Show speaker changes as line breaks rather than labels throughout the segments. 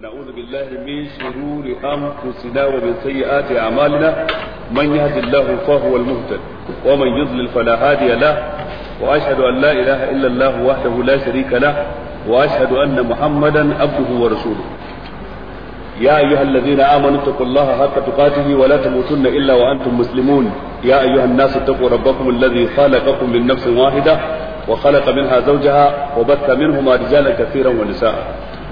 ونعوذ بالله من شرور أنفسنا ومن سيئات أعمالنا من يهد الله فهو المهتد ومن يضلل فلا هادي له وأشهد أن لا إله إلا الله وحده لا شريك له وأشهد أن محمدا عبده ورسوله يا أيها الذين آمنوا اتقوا الله حق تقاته ولا تموتن إلا وأنتم مسلمون يا أيها الناس اتقوا ربكم الذي خلقكم من نفس واحدة وخلق منها زوجها وبث منهما رجالا كثيرا ونساء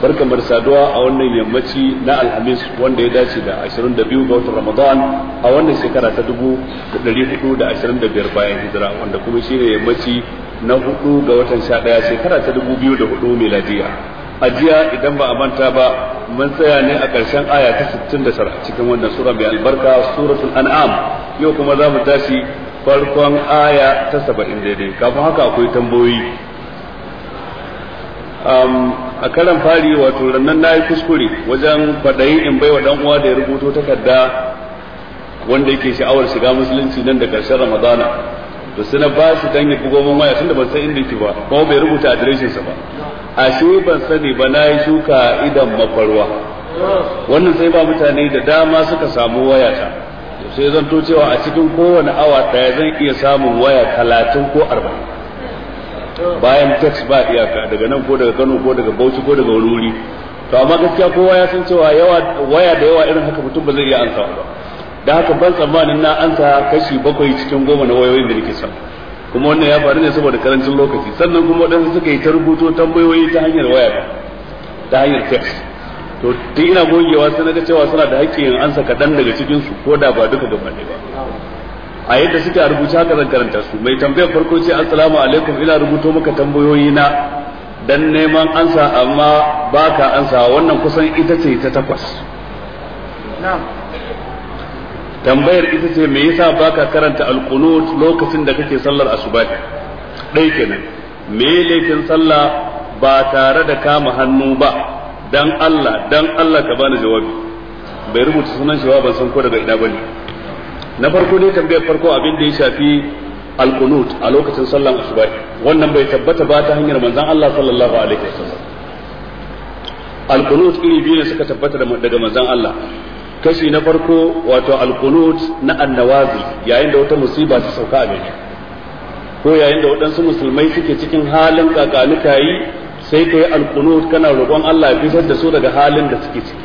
barkan bar saduwa a wannan yammaci na alhamis wanda ya dace da 22 ga watan ramadan a wannan shekara ta 425 bayan hijira wanda kuma shine yammaci na 4 ga watan 11 shekara ta 2004 miladiya a jiya idan ba a manta ba mun tsaya ne a ƙarshen aya ta 69 cikin wannan sura mai albarka suratul an'am yau kuma za mu tashi farkon aya ta 70 daidai kafin haka akwai tambayoyi a karan fari wato rannan na yi kuskure wajen fadayi in baiwa dan uwa da ya rubuto takarda wanda yake sha'awar shiga musulunci nan da karshen ramadana to suna ba shi dan ya bugo min waya tunda ban san inda yake ba kuma bai rubuta adireshin sa ba
a shi ban
sani ba na yi shuka idan mafarwa wannan sai ba mutane da dama suka samu wayata sai zan to cewa a cikin kowane awa ɗaya zan iya samun waya talatin ko arba'in bayan tax ba iyaka daga nan ko daga Kano ko daga Bauchi ko daga wuri to amma gaskiya kowa ya san cewa yawa waya da yawa irin haka mutum ba zai iya ansa ba da haka ban tsammanin na ansa kashi bakwai cikin goma na wayoyin da nake samu kuma wannan ya faru ne saboda karancin lokaci sannan kuma wadansu suka yi ta rubuto tambayoyi ta hanyar waya ta hanyar tax to tun ina gogewa sai na ga cewa suna da haƙƙin ansa kaɗan daga cikinsu ko da ba duka gaba ɗaya ba a yadda suke a rubuce haka zan karanta su mai tambayar farko ce assalamu alaikum ina rubuto maka tambayoyi na dan neman ansa amma baka ansa wannan kusan ita ce ta takwas tambayar ita ce me yasa baka karanta alqunut lokacin da kake sallar asuba dai kenan me laifin sallah ba tare da kama hannu ba dan Allah dan Allah ka bani jawabi bai rubuta sunan shi ba ban san ko daga ina bane na farko dai tambayar farko abin da ya shafi alqunut a lokacin sallan asuba wannan bai tabbata ba ta hanyar manzon Allah sallallahu alaihi wasallam alqunut iri biyu ne suka tabbata daga manzon Allah kashi na farko wato alqunut na annawazi yayin da wata musiba ta sauka a gare ko yayin da waɗansu musulmai suke cikin halin kakanuka yi sai kai alqunut kana roƙon Allah ya fitar da su daga halin da suke ciki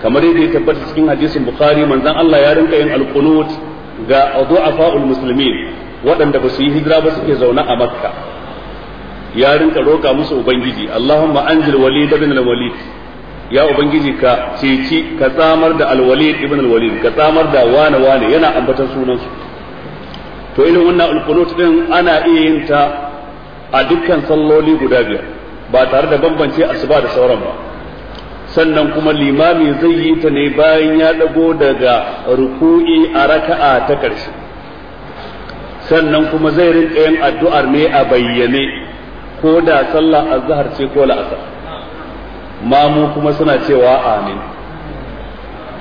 kamar yadda ya tabbata cikin hadisin bukhari manzon Allah ya rinka yin alqunut ga du'afa'ul muslimin waɗanda ba su yi hijira ba suke zaune a makka ya rinka roka musu ubangiji allahumma anjil walid ibn al-walid ya ubangiji ka ceci ka tsamar da al-walid ibn al-walid ka tsamar da wane wane yana ambatar sunan su to irin wannan alqunut din ana iya yin ta a dukkan salloli guda biyar ba tare da bambance asuba da sauran ba sannan kuma limami zai yi ta ne bayan ya ɗago daga ruku'i a raka'a ta ƙarshe sannan kuma zai rinka yin addu'ar ne a bayyane ko da sallah azhar ce ko la'asar mamu kuma suna cewa amin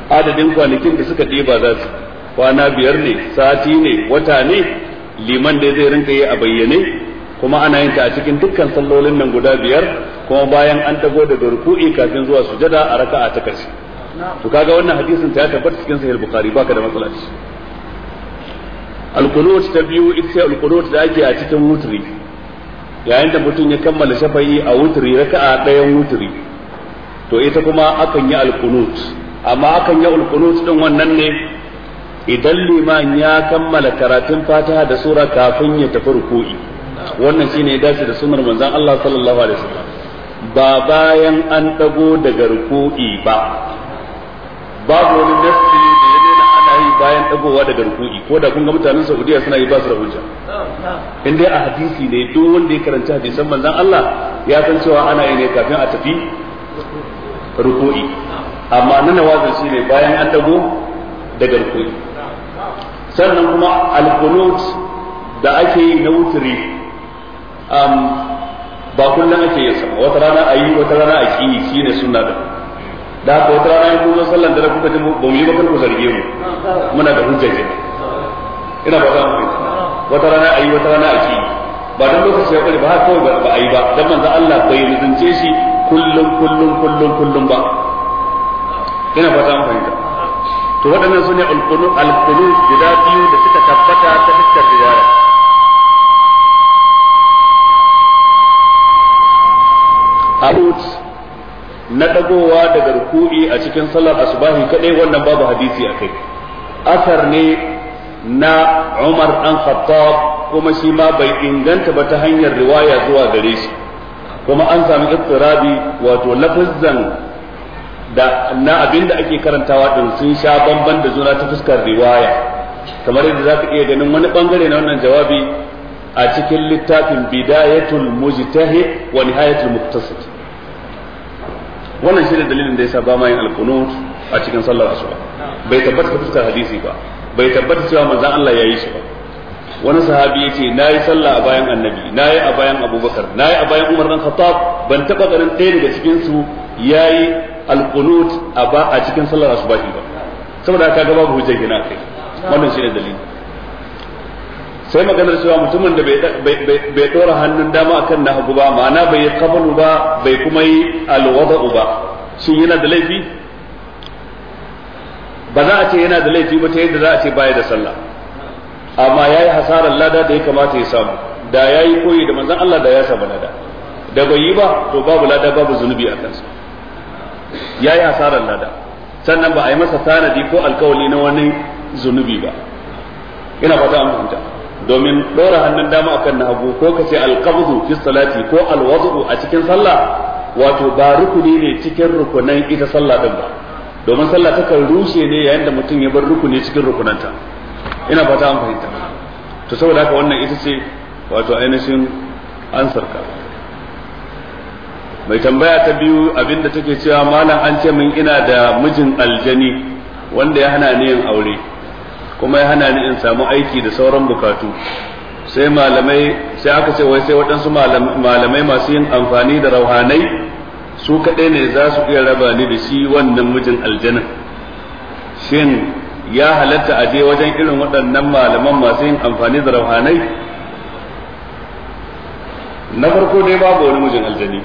adadin kwanakin da suka ɗiba za su kwana biyar ne sati ne wata ne liman da zai rinka yi a bayyane kuma ana yin ta a cikin dukkan sallolin nan guda biyar kuma bayan an tago da ruku'i kafin zuwa sujada a raka'a ta karshe to kaga wannan hadisin ta tabbata cikin sahih bukhari baka da matsala ce alqunut ta biyu ita ce alqunut da ake a cikin wutri yayin da mutum ya kammala shafa'i a wutri raka'a ɗayan wutri to ita kuma akan yi alqunut amma akan yi alqunut din wannan ne idan liman ya kammala karatun fatiha da sura kafin ya tafi ruku'i wannan shine ya dace da sunnar manzon Allah sallallahu alaihi wasallam ba bayan an dago daga ruku'i ba babu wani nafsi
da ya daina
ana yi bayan ɗagowa daga ruku'i ko da kun ga mutanen Saudiya suna yi ba su da hujja in dai a hadisi ne duk wanda ya karanci hadisan manzon Allah ya san cewa ana yi ne kafin a tafi ruku'i amma na nawazin shi ne bayan an dago daga ruku'i sannan kuma al da ake yi na wuturi um, ba kullum ake yin sa wata rana a yi wata rana a ki shi ne sunna da da haka wata rana in kun zo sallan dare kuka ji ba mu yi ba ku zarge mu muna da hujja ke ina ba za mu yi wata rana a yi wata rana a ki ba dan lokaci ya bari ba haka kawai ba a yi ba dan manzo Allah bai rizance shi kullum kullum kullum kullum ba ina ba za mu yi to waɗannan su ne alƙunut guda biyu da suka tabbata ta da yara abut na dagowa daga ruku'i a cikin sallar asubahi kaɗai wannan babu hadisi akai asar ne na Umar dan Khattab kuma shi ma bai inganta ba ta hanyar riwaya zuwa gare shi kuma an sami ittirabi wato lafazzan da na abinda ake karantawa din sun sha bamban da juna ta fuskar riwaya kamar yadda ka iya ganin wani bangare na wannan jawabi a cikin littafin bidayatul mujtahid wa nihayatul muqtasid wannan shine dalilin da yasa ba ma yin alqunut a cikin sallar asuba bai tabbata ka fitar hadisi ba bai tabbata cewa manzon Allah ya yi shi ba wani sahabi ya ce na yi sallah a bayan annabi na yi a bayan abubakar na yi a bayan umar dan khattab ban taba ganin ɗaya daga cikin su yayi yi a ba a cikin sallar asuba ba saboda ka ga babu hujjar gina kai wannan shine dalilin sai maganar cewa mutumin da bai dora hannun dama akan na hagu ba ma'ana bai yi kabalu ba bai kuma yi alwada'u ba shi yana da laifi ba za a ce yana da laifi ba ta yadda za a ce baya da sallah amma ya yi hasarar lada da ya kamata ya samu da ya yi koyi da manzan Allah da ya samu lada da bai yi ba to babu lada babu zunubi a kansa ya yi hasarar lada sannan ba a yi masa tanadi ko alkawali na wani zunubi ba ina fata an fahimta domin dora hannun dama akan na hagu ko kace alqabdu fi salati ko alwadu a cikin sallah wato ba rukuni ne cikin rukunan ita sallah din ba domin sallah takan rushe ne yayin da mutum ya bar rukuni cikin rukunanta
ina fata an fahimta
to saboda haka wannan ita ce wato ainihin ansar ka mai tambaya ta biyu abinda take cewa malam an ce min ina da mijin aljani wanda ya hana ni yin aure kuma ya hana ni in samu aiki da sauran bukatu sai malamai sai aka ce wai sai waɗansu malamai masu yin amfani da rauhanai su kaɗai ne za su iya raba ni da shi wannan mijin aljana shin ya halatta a je wajen irin waɗannan malaman masu yin amfani da rauhanai na farko dai babu wani mijin aljani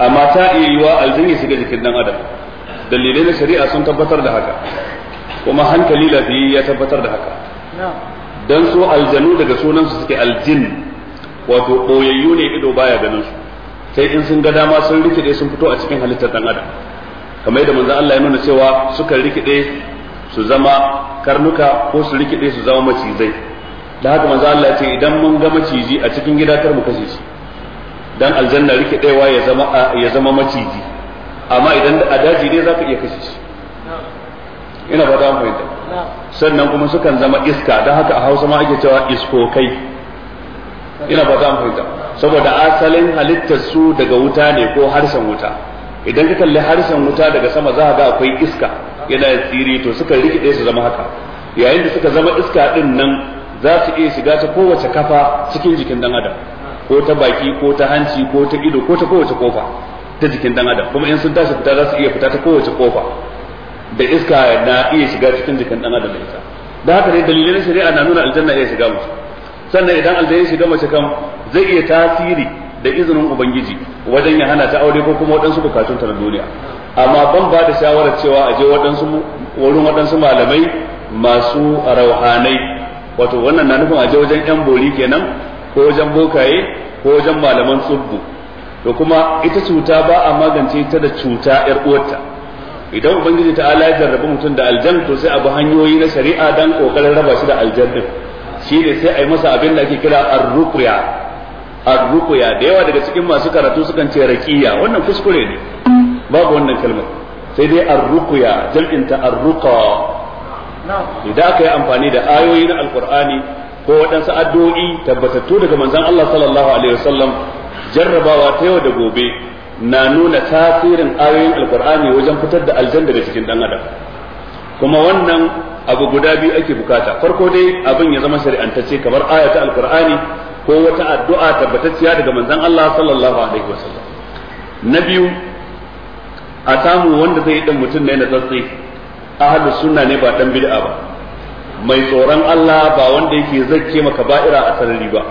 amma ta iya yiwa aljani shiga jikin ɗan adam dalilai na shari'a sun tabbatar da haka kuma hankali lafiya ya tabbatar da haka dan so aljanu daga sunan su suke aljin wato boyayyu ne ido baya ganin su sai in sun ga dama sun rikide sun fito a cikin halittar dan adam kamar yadda manzo Allah ya nuna cewa suka rikide su zama karnuka ko su rikide su zama macizai da haka manzo Allah ya ce idan mun ga maciji a cikin gida kar mu kashe shi dan aljanna rikidewa ya zama ya zama maciji amma idan a daji ne zaka iya kashe shi ina ba ta fahimta sannan kuma sukan zama iska don haka a hausa ma ake cewa iskokai ina ba ta fahimta saboda asalin halittar su daga wuta ne ko harshen wuta idan ka kalli harshen wuta daga sama za ga akwai iska yana tsiri to suka rikide su zama haka yayin da suka zama iska din nan za su iya shiga ta kowace kafa cikin jikin dan adam ko ta baki ko ta hanci ko ta ido ko ta kowace kofa ta jikin dan adam kuma in sun tashi fita za su iya fita ta kowace kofa da iska na iya shiga cikin jikin dan adam da ita da haka ne dalilai shari'a na nuna aljanna iya shiga musu sannan idan aljanna shiga mace kan zai iya tasiri da izinin ubangiji wajen ya hana ta aure ko kuma waɗansu bukatun ta na duniya amma ban ba da shawarar cewa a je waɗansu wurin waɗansu malamai masu rauhanai wato wannan na nufin a wajen yan bori kenan ko wajen bokaye ko wajen malaman tsubbu to kuma ita cuta ba a magance ta da cuta yar uwarta idan ubangiji ta ala jarrabi mutum da aljan to sai abu hanyoyi na shari'a dan kokarin raba shi da aljan din shi ne sai a yi masa abin da ake kira arruqya arruqya da yawa daga cikin masu karatu sukan ce raqiya wannan kuskure ne babu wannan kalmar sai dai arruqya jam'in ta arruqa idan aka yi amfani da ayoyi na alqur'ani ko waɗansu addu'o'i tabbatattu daga manzon Allah sallallahu alaihi wasallam jarrabawa ta yau da gobe na nuna tasirin ayoyin alkur'ani wajen fitar da aljanna da cikin dan adam kuma wannan abu guda biyu ake bukata farko dai abin ya zama shari'antacce kamar ayata alkur'ani ko wata addu'a tabbatacciya daga manzon Allah sallallahu alaihi wasallam na biyu a samu wanda zai dan mutum ne na tsatsi ahlus sunna ne ba dan bid'a ba mai tsoron Allah ba wanda yake zakke maka ba'ira a sarari ba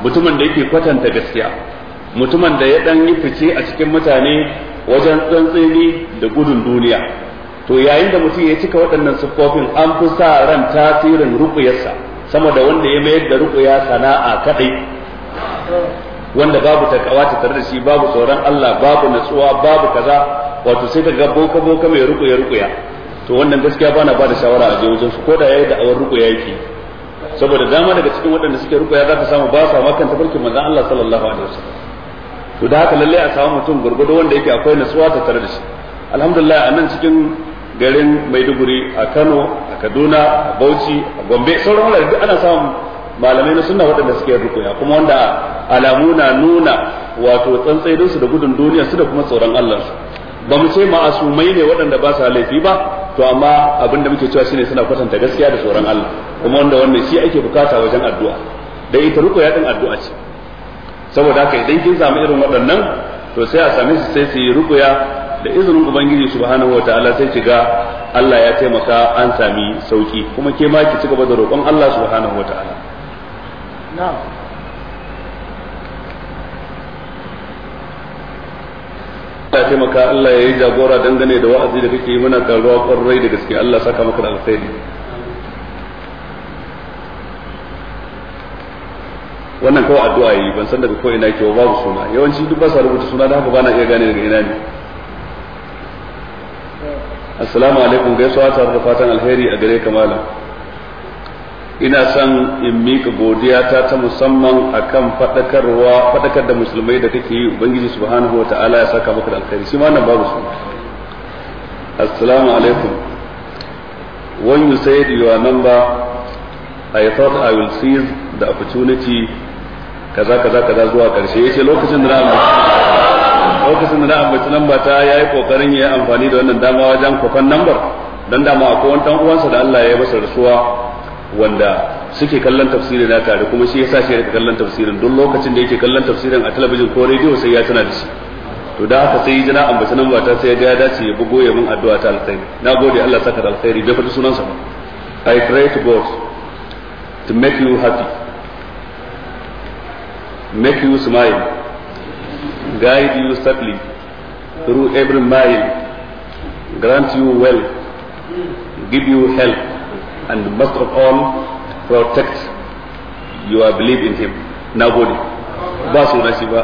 mutumin da yake kwatanta gaskiya mutumin da ya dan yi fice a cikin mutane wajen tsantsini da gudun duniya to yayin da mutum ya cika waɗannan siffofin an fi sa ran tasirin rukuyarsa sama da wanda ya mayar da rukuya sana'a kadai wanda babu takawa ta tare da shi babu tsoron Allah babu natsuwa babu kaza wato sai ka ga boka boka mai rukuya rukuya to wannan gaskiya bana ba da shawara a je wajen su da yayi da awar rukuya yake saboda dama daga cikin waɗanda suke rukuya zaka samu ba sa makanta barkin manzon Allah sallallahu alaihi wasallam to da haka lalle a samu mutum gurgudu wanda yake akwai nasuwa ta tare da shi alhamdulillah a nan cikin garin maiduguri a kano a kaduna a bauchi a gombe sauran wurare duk ana samun malamai na sunna waɗanda suke rukuya kuma wanda alamu na nuna wato tsantsaidin su da gudun duniya su da kuma tsoron Allah su ba mu ce ma'asumai ne waɗanda ba sa laifi ba to amma abin da muke cewa shine suna kwatanta gaskiya da tsoron Allah kuma wanda wannan shi ake bukata wajen addu'a da ita rukuya din addu'a ce saboda haka idan kin samu irin waɗannan to sai a same su sai su yi rukuya da izinin ubangiji subhanahu wataala sai ki ga Allah ya taimaka an sami sauki kuma ke ma ki ci gaba da roƙon Allah subhanahu wataala na'am ta taimaka Allah ya yi jagora dangane da wa'azi da kake yi muna karuwa kwarai da gaske Allah saka maka da alkhairi wannan kawai addu'a yi ban san daga ko ina yake babu suna yawanci duk ba sa rubuta suna da haka na iya gane daga ina ne assalamu alaikum gaisuwa tare da fatan alheri a gare ka malam ina son in mika godiya ta ta musamman akan fadakarwa fadakar da musulmai da kake yi ubangiji subhanahu wataala ya saka maka da alheri, shi ma nan babu su assalamu alaikum when you said your number i thought i will seize the opportunity kaza kaza kaza zuwa karshe yace lokacin da na lokacin da na ambaci lamba ta yayi kokarin yayi amfani da wannan dama wajen kofan lambar dan dama akwai wani dan uwansa da Allah ya yi masa rasuwa wanda suke kallon tafsiri na tare kuma shi yasa shi yake kallon tafsirin duk lokacin da yake kallon tafsirin a talabijin ko rediyo sai ya tana da shi to da haka sai jira ambaci lamba ta sai ya dace ya bugo ya min addu'a ta alkhairi na gode Allah saka da alkhairi bai faɗi sunansa ba i pray to god to make you happy Matthew Smile guide you safely through every mile grant you wealth give you help and most of all protect your belief in him na gode ba su na shi ba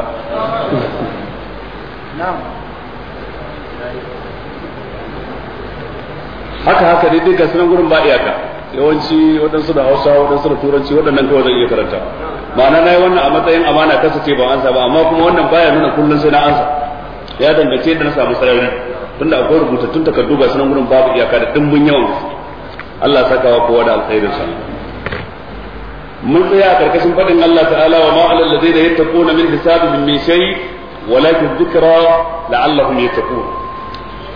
haka haka dai duka sunan gurin ba iyaka yawanci waɗansu da hausa waɗansu da turanci waɗannan kawai zan iya karanta ma'ana na yi wannan a matsayin amana ta ba an ansa ba amma kuma wannan baya nuna kullum sai na ansa ya dangace da na samu sarari tunda akwai tun takardu ga sunan gudun babu iyaka da dimbin yawan Allah saka wa kowa da alkhairin sa mun tsaya a karkashin faɗin Allah ta'ala wa ma'alal ladaina yattaquna min hisabihim min shay walakin dhikra la'allahum yattaqun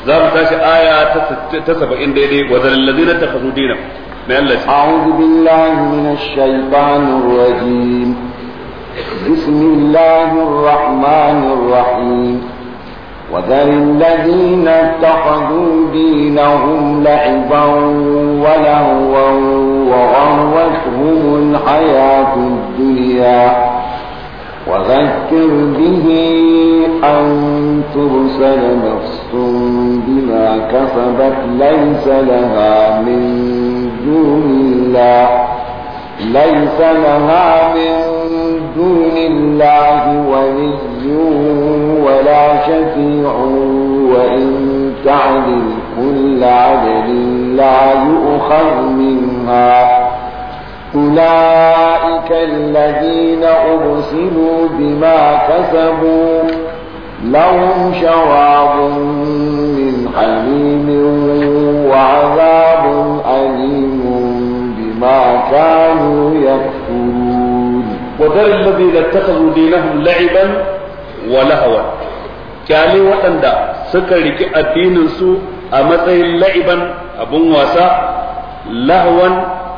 za mu tashi aya ta 70 daidai wa zalladina takhudina أعوذ
بالله من الشيطان الرجيم بسم الله الرحمن الرحيم وذل الذين اتخذوا دينهم لعبا ولهوا وغرتهم الحياة الدنيا وذكر به أن ترسل نفس بما كسبت ليس لها من دون الله ليس لها من دون الله ولي ولا شفيع وإن تعدل كل عدل لا يؤخذ منها أولئك الذين أرسلوا بما كسبوا لهم شراب من حليم وعذاب أليم ما
كانوا يكفرون وذر الذين اتخذوا دينهم لعبا ولهوا kyale waɗanda suka الدين addininsu a matsayin la'iban abin wasa أبو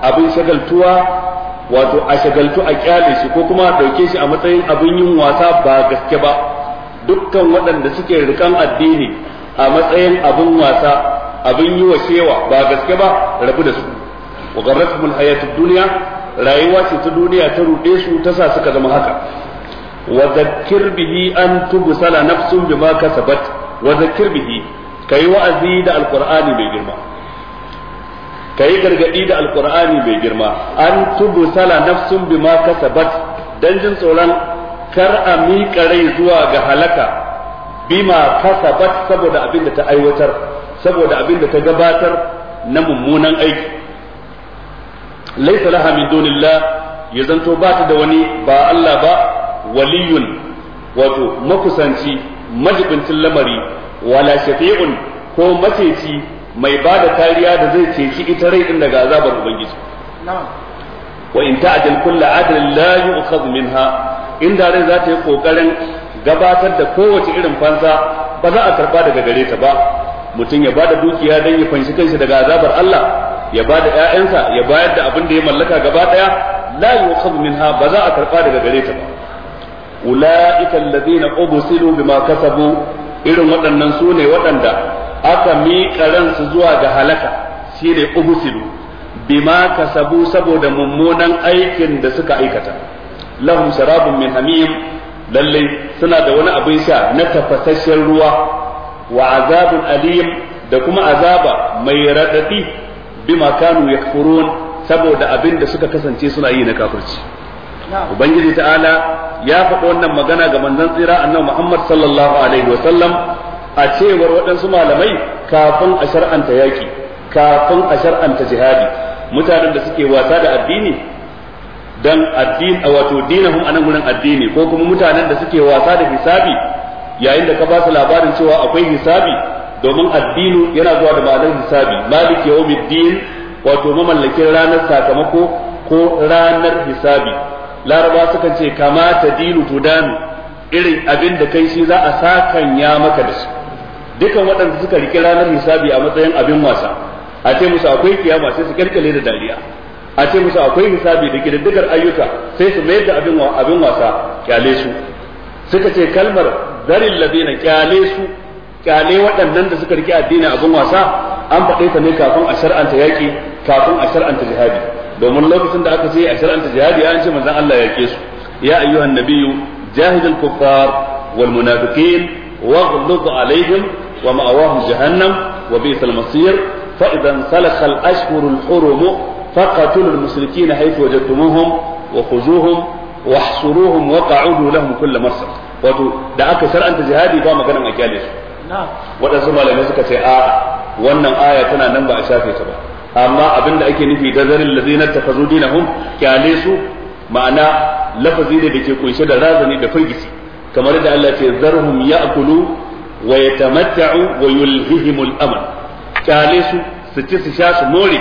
abin shagaltuwa wato a shagaltu a kyale shi ko kuma a ɗauke shi a matsayin abin yin wasa ba gaske ba dukkan waɗanda suke rikan addini a matsayin abin wasa abin yi wa shewa ba gaske ba rabu da su wa garrakum alhayatu dunya rayuwa ce ta duniya ta rude su ta sa suka zama haka wa zakkir bihi an tubsala nafsun bima kasabat wa zakkir bihi kai wa'azi da alqur'ani mai girma kai gargadi da alqur'ani mai girma an tubsala nafsun bima kasabat dan jin tsoron kar a miƙa rai zuwa ga halaka bima kasabat saboda abin da ta aiwatar saboda abin da ta gabatar na mummunan aiki laisa laha min dunillah ya zanto ba ta da wani ba Allah ba waliyun wato makusanci majibincin lamari wala shafi'un ko maceci mai ba da kariya da zai ceci ita rai din daga azabar ubangiji wa in ta'dil kullu adlin la yu'khadh minha inda rai za ta yi kokarin gabatar da kowace irin fansa ba za a karba daga gare ta ba mutum ya bada dukiya don ya fanshi kanshi daga azabar Allah ya bada 'ya'yansa ya bayar da abin da ya mallaka gaba ɗaya, la yu'khadhu minha ba za a karɓa daga gare ta ba ulaika alladhina ubsilu bima kasabu irin waɗannan su ne waɗanda aka miƙa ransu zuwa ga halaka shine ubsilu bima kasabu saboda mummunan aikin da suka aikata lahum sharabun min hamim lalle suna da wani abin sha na tafasasshen ruwa wa azabun alim da kuma azaba mai raɗaɗi bima kanu yakfurun saboda abin da suka kasance suna yi na kafirci ubangiji ta'ala ya faɗi wannan magana ga manzon tsira annabi Muhammad sallallahu alaihi wa sallam a cewar waɗansu malamai kafin a shar'anta yaƙi kafin a shar'anta jihadi mutanen da suke wasa da addini dan addini wato dinahum anan gurin addini ko kuma mutanen da suke wasa da hisabi yayin da ka ba su labarin cewa akwai hisabi domin addinu yana zuwa da ma'anar hisabi malik yawmiddin wato mamallakin ranar sakamako ko ranar hisabi laraba sukan ce kamata ta dinu irin abin da kai shi za a ya maka da su dukan waɗanda suka riƙe ranar hisabi a matsayin abin wasa a ce musu akwai kiyama sai su kirkire da dariya a ce musu akwai hisabi da kididdigar ayyuka sai su mayar da abin wasa kyale su suka ce kalmar zarin na kyale su kyale waɗannan da suka rike addini abin wasa an faɗe ta ne kafin a shar'anta yaƙi kafin a shar'anta jihadi domin lokacin da aka ce a shar'anta jihadi an ce manzon Allah ya ke su ya ayyuhan nabiyyu jahidul kuffar wal munafiqin واغلظ عليهم ومأواهم جهنم وبئس المصير فإذا انسلخ الأشهر na فقتلوا المشركين حيث وجدتموهم وخذوهم واحصروهم وقعدوا لهم كل مرصد wato da aka shar'anta jihadi ba maganan a kyale su waɗansu malamai suka ce a wannan aya tana nan ba a shafe ta ba amma abinda ake nufi da zarin lazina tafazu dinahum kyale su ma'ana lafazi ne da ke kunshe da razani da firgici kamar da Allah ce zarhum ya'kulu wa yatamatta'u wa yulhihimul amal kyale su su ci su sha su more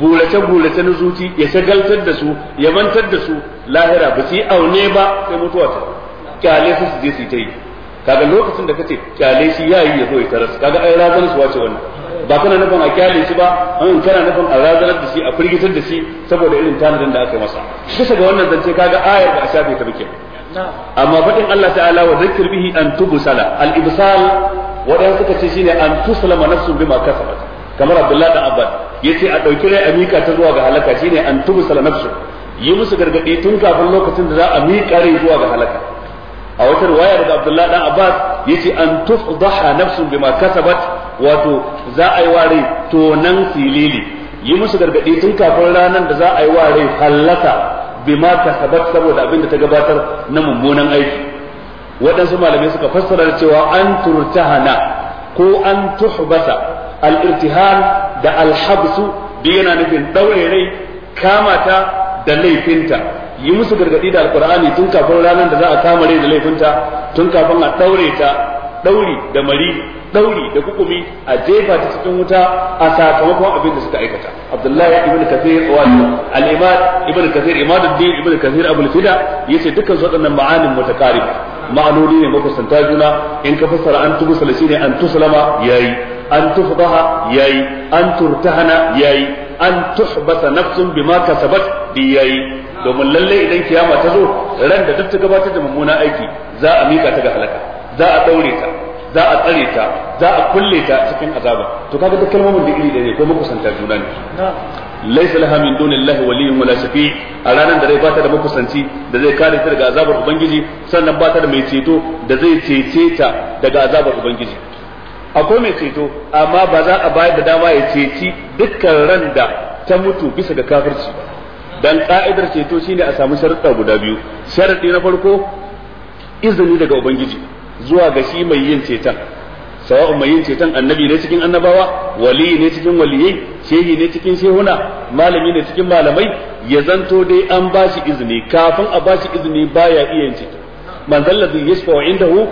gulace gulace na zuci ya shagaltar da su ya mantar da su lahira ba su yi aune ba sai mutuwa ta kyale su su je su yi ta yi kaga lokacin da kace kyale shi yayi ya zo ya taras kaga ai razanar su wace wannan ba kana nufin a kyale shi ba an kana nufin a razanar da shi a firgitar da shi saboda irin tanadin da aka masa kusa ga wannan zance kaga ayar da a shafe ta muke amma faɗin Allah ta'ala wa zakir bihi an tubsala al ibsal wadanda suka ce shine an tuslama kasa bima kasabat kamar abdullahi dan Abbas yace a dauki rai a mika ta zuwa ga halaka shine an tubsala nafsu yi musu gargadi tun kafin lokacin da za a mika rai zuwa ga halaka a wata riwaya daga abdullah dan Abbas yace an tufdaha nafsun bima kasabat wato za a yi ware tonan silili yi musu gargadi tun kafin ranar da za a yi ware hallaka bima kasabat saboda abin da ta gabatar na mummunan aiki waɗansu malamai suka fassara cewa an turtahana ko an tuhbasa al-irtihan da al-habsu yana nufin daure rai kamata da laifinta yi musu gargadi da alkur'ani tun kafin ranar da za a kama rai da laifinta tun kafin a daure ta dauri da mari dauri da hukumi a jefa ta cikin wuta a sakamakon abin da suka aikata abdullahi ibn kathir wa al-imad ibn kathir imaduddin ibn kathir abul fida yace dukkan su ma'anin mutakarib ma'anoni ne makusanta juna in ka fassara an tubsala shine an tuslama yayi an tufdaha yayi an turtahana yayi an tuhbasa nafsun bima kasabat yayi domin lalle idan kiyama ta zo ran da duk ta gabatar da mummuna aiki za a mika ta ga halaka za a daure ta za a tsare ta za a kulle ta cikin azaba to kaga duk kalmomin da iri da ne ko santa juna ne laysa laha min dunillahi waliyyun wala shafi' a ranar da zai bata da makusanci da zai kare ta daga azabar ubangiji sannan bata da mai ceto da zai cece ta daga azabar ubangiji akwai mai ceto amma ba za a bayar da dama ya ceci dukkan ran da ta mutu bisa ga kafirci ba dan ka'idar ceto shine a samu sharuɗa guda biyu sharaɗi na farko izini daga ubangiji zuwa ga shi mai yin ceton sawa'un mai yin ceton annabi ne cikin annabawa wali ne cikin waliyai shehi ne cikin shehuna malami ne cikin malamai ya zanto dai an bashi izini kafin a bashi izini baya iya yin ceto man zallazi yashfa'u indahu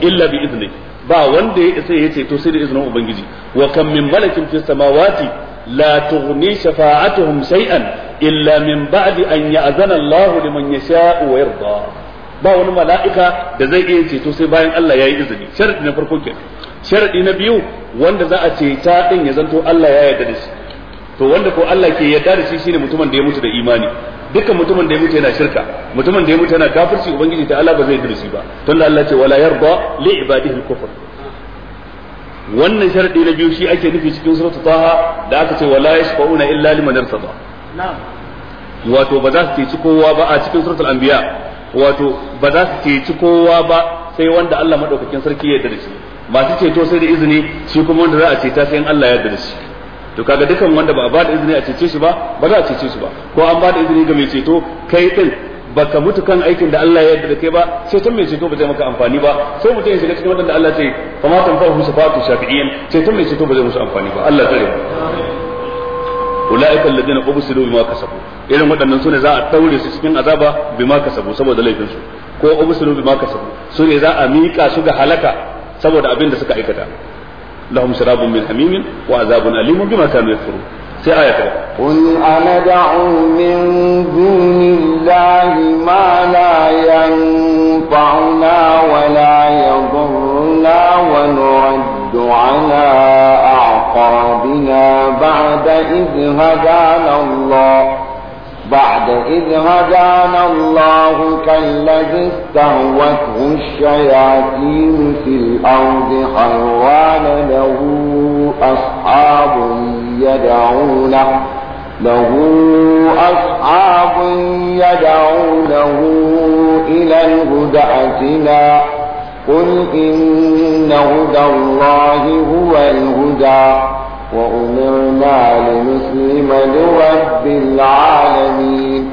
illa bi izni ba wanda ya isa ya ceto sai da izinin ubangiji wa kam min malakin fis samawati la tughni shafa'atuhum shay'an illa min ba'di an ya'zana Allah liman yasha'u wa yarda ba wani mala'ika da zai iya ceto sai bayan Allah yayi izini sharadi na farko kenan sharadi na biyu wanda za a ceta din ya zanto Allah ya yarda da shi to wanda ko Allah ke yarda da shi shine mutumin da ya mutu da imani dukkan mutumin da ya mutu yana shirka mutumin da ya mutu yana kafirci ubangiji ta Allah ba zai yarda da shi ba tunda Allah ce wala yarda li ibadihi kufr wannan sharadi na biyu shi ake nufi cikin suratul taha da aka ce wala yashfa'una illa liman irtada wato ba za su ceci kowa ba a cikin suratul anbiya wato ba za su ceci kowa ba sai wanda Allah madaukakin sarki ya yarda da shi masu ceto sai da izini shi kuma wanda za a ceta sai in Allah ya yarda da shi to kaga dukan wanda ba a ba da izini a cece shi ba ba za a cece shi ba ko an ba da izini ga mai ceto kai din baka mutu kan aikin da Allah ya yarda da kai ba sai tun mai ceto ba zai maka amfani ba sai mutum ya shiga cikin wadanda Allah ce fa ma tanfa'u shafa'atu shafi'in sai tun mai ceto ba zai musu amfani ba Allah tare
mu
ulaika alladhina ubsiru bima kasabu irin waɗannan sune za a daure su cikin azaba bima kasabu saboda laifin su ko ubsiru bima kasabu sune za a mika su ga halaka saboda abin da suka aikata lahum sharabun min hamimin wa azabun alimun bima kanu yakfurun sai aya ta qul anad'u
min dunillahi ma la yanfa'una wa la yadurruna wa nuraddu ala بنا بعد إذ هدانا الله بعد إذ هدانا الله كالذي استهوته الشياطين في الأرض حيران له أصحاب يدعونه له أصحاب يدعونه إلى الهدى قل إن هدى الله هو الهدى وأمرنا لمسلم لرب العالمين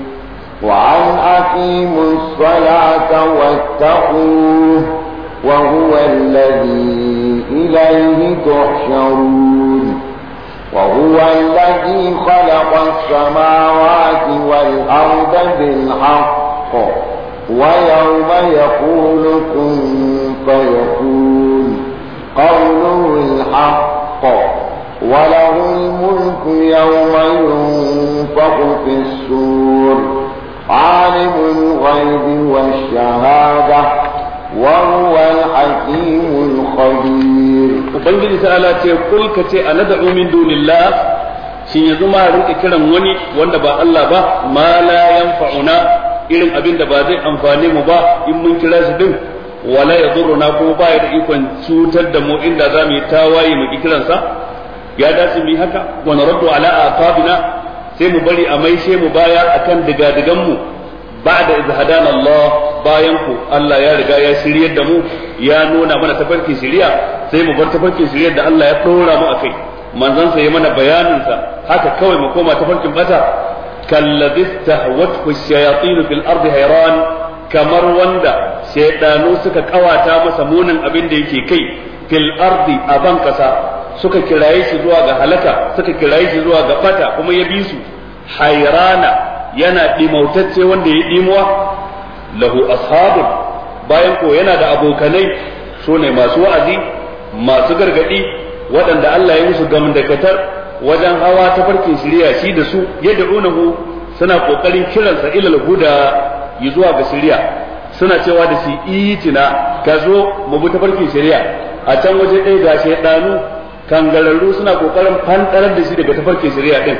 وعن أقيموا الصلاة واتقوه وهو الذي إليه تحشرون وهو الذي خلق السماوات والأرض بالحق ويوم يقول كن فيكون قوله الحق وله الملك يوم ينفق في السور عالم الغيب والشهادة
وهو الحكيم الخبير وبنجي تعالى قل كتي أندعو من دون الله shin yanzu ma rinka kiran wani wanda ba Allah ba ma la yanfa'una irin abin da ba zai amfane mu ba in mun kira shi din wala ya na ko ba ya da ikon cutar da mu inda za mu yi tawaye mu kiransa ya dace mu yi haka wa naraddu ala aqabina sai mu bari a maishe mu baya akan digadigan mu ba'da iz hadana Allah bayan ku Allah ya riga ya shiryar da mu ya nuna mana tafarkin shiriya sai mu bar tafarkin shiryar da Allah ya dora mu akai manzon sa ya mana bayanin sa haka kawai mu koma tafarkin bata kalladhi istahwathu ash-shayatin fil ardi hayran kamar wanda shaydanu suka kawata masa munin abin da yake kai fil ardi aban kasa suka kiraye shi zuwa ga halaka suka kiraye shi zuwa ga bata kuma ya bi su hayrana yana dimautacce wanda ya dimuwa lahu ashabun bayan ko yana da abokanai sune masu wa'azi masu gargadi waɗanda Allah ya yi musu gamdakatar wajen hawa ta farkin shiriya shi da su yad'unahu suna kokarin kiransa ilal huda yi zuwa ga shiriya suna cewa da shi itina ka zo mu bi ta farkin shiriya a can waje ɗaya ga shaidanu kangararru suna kokarin fantarar da shi daga tafarkin shari'a ɗin.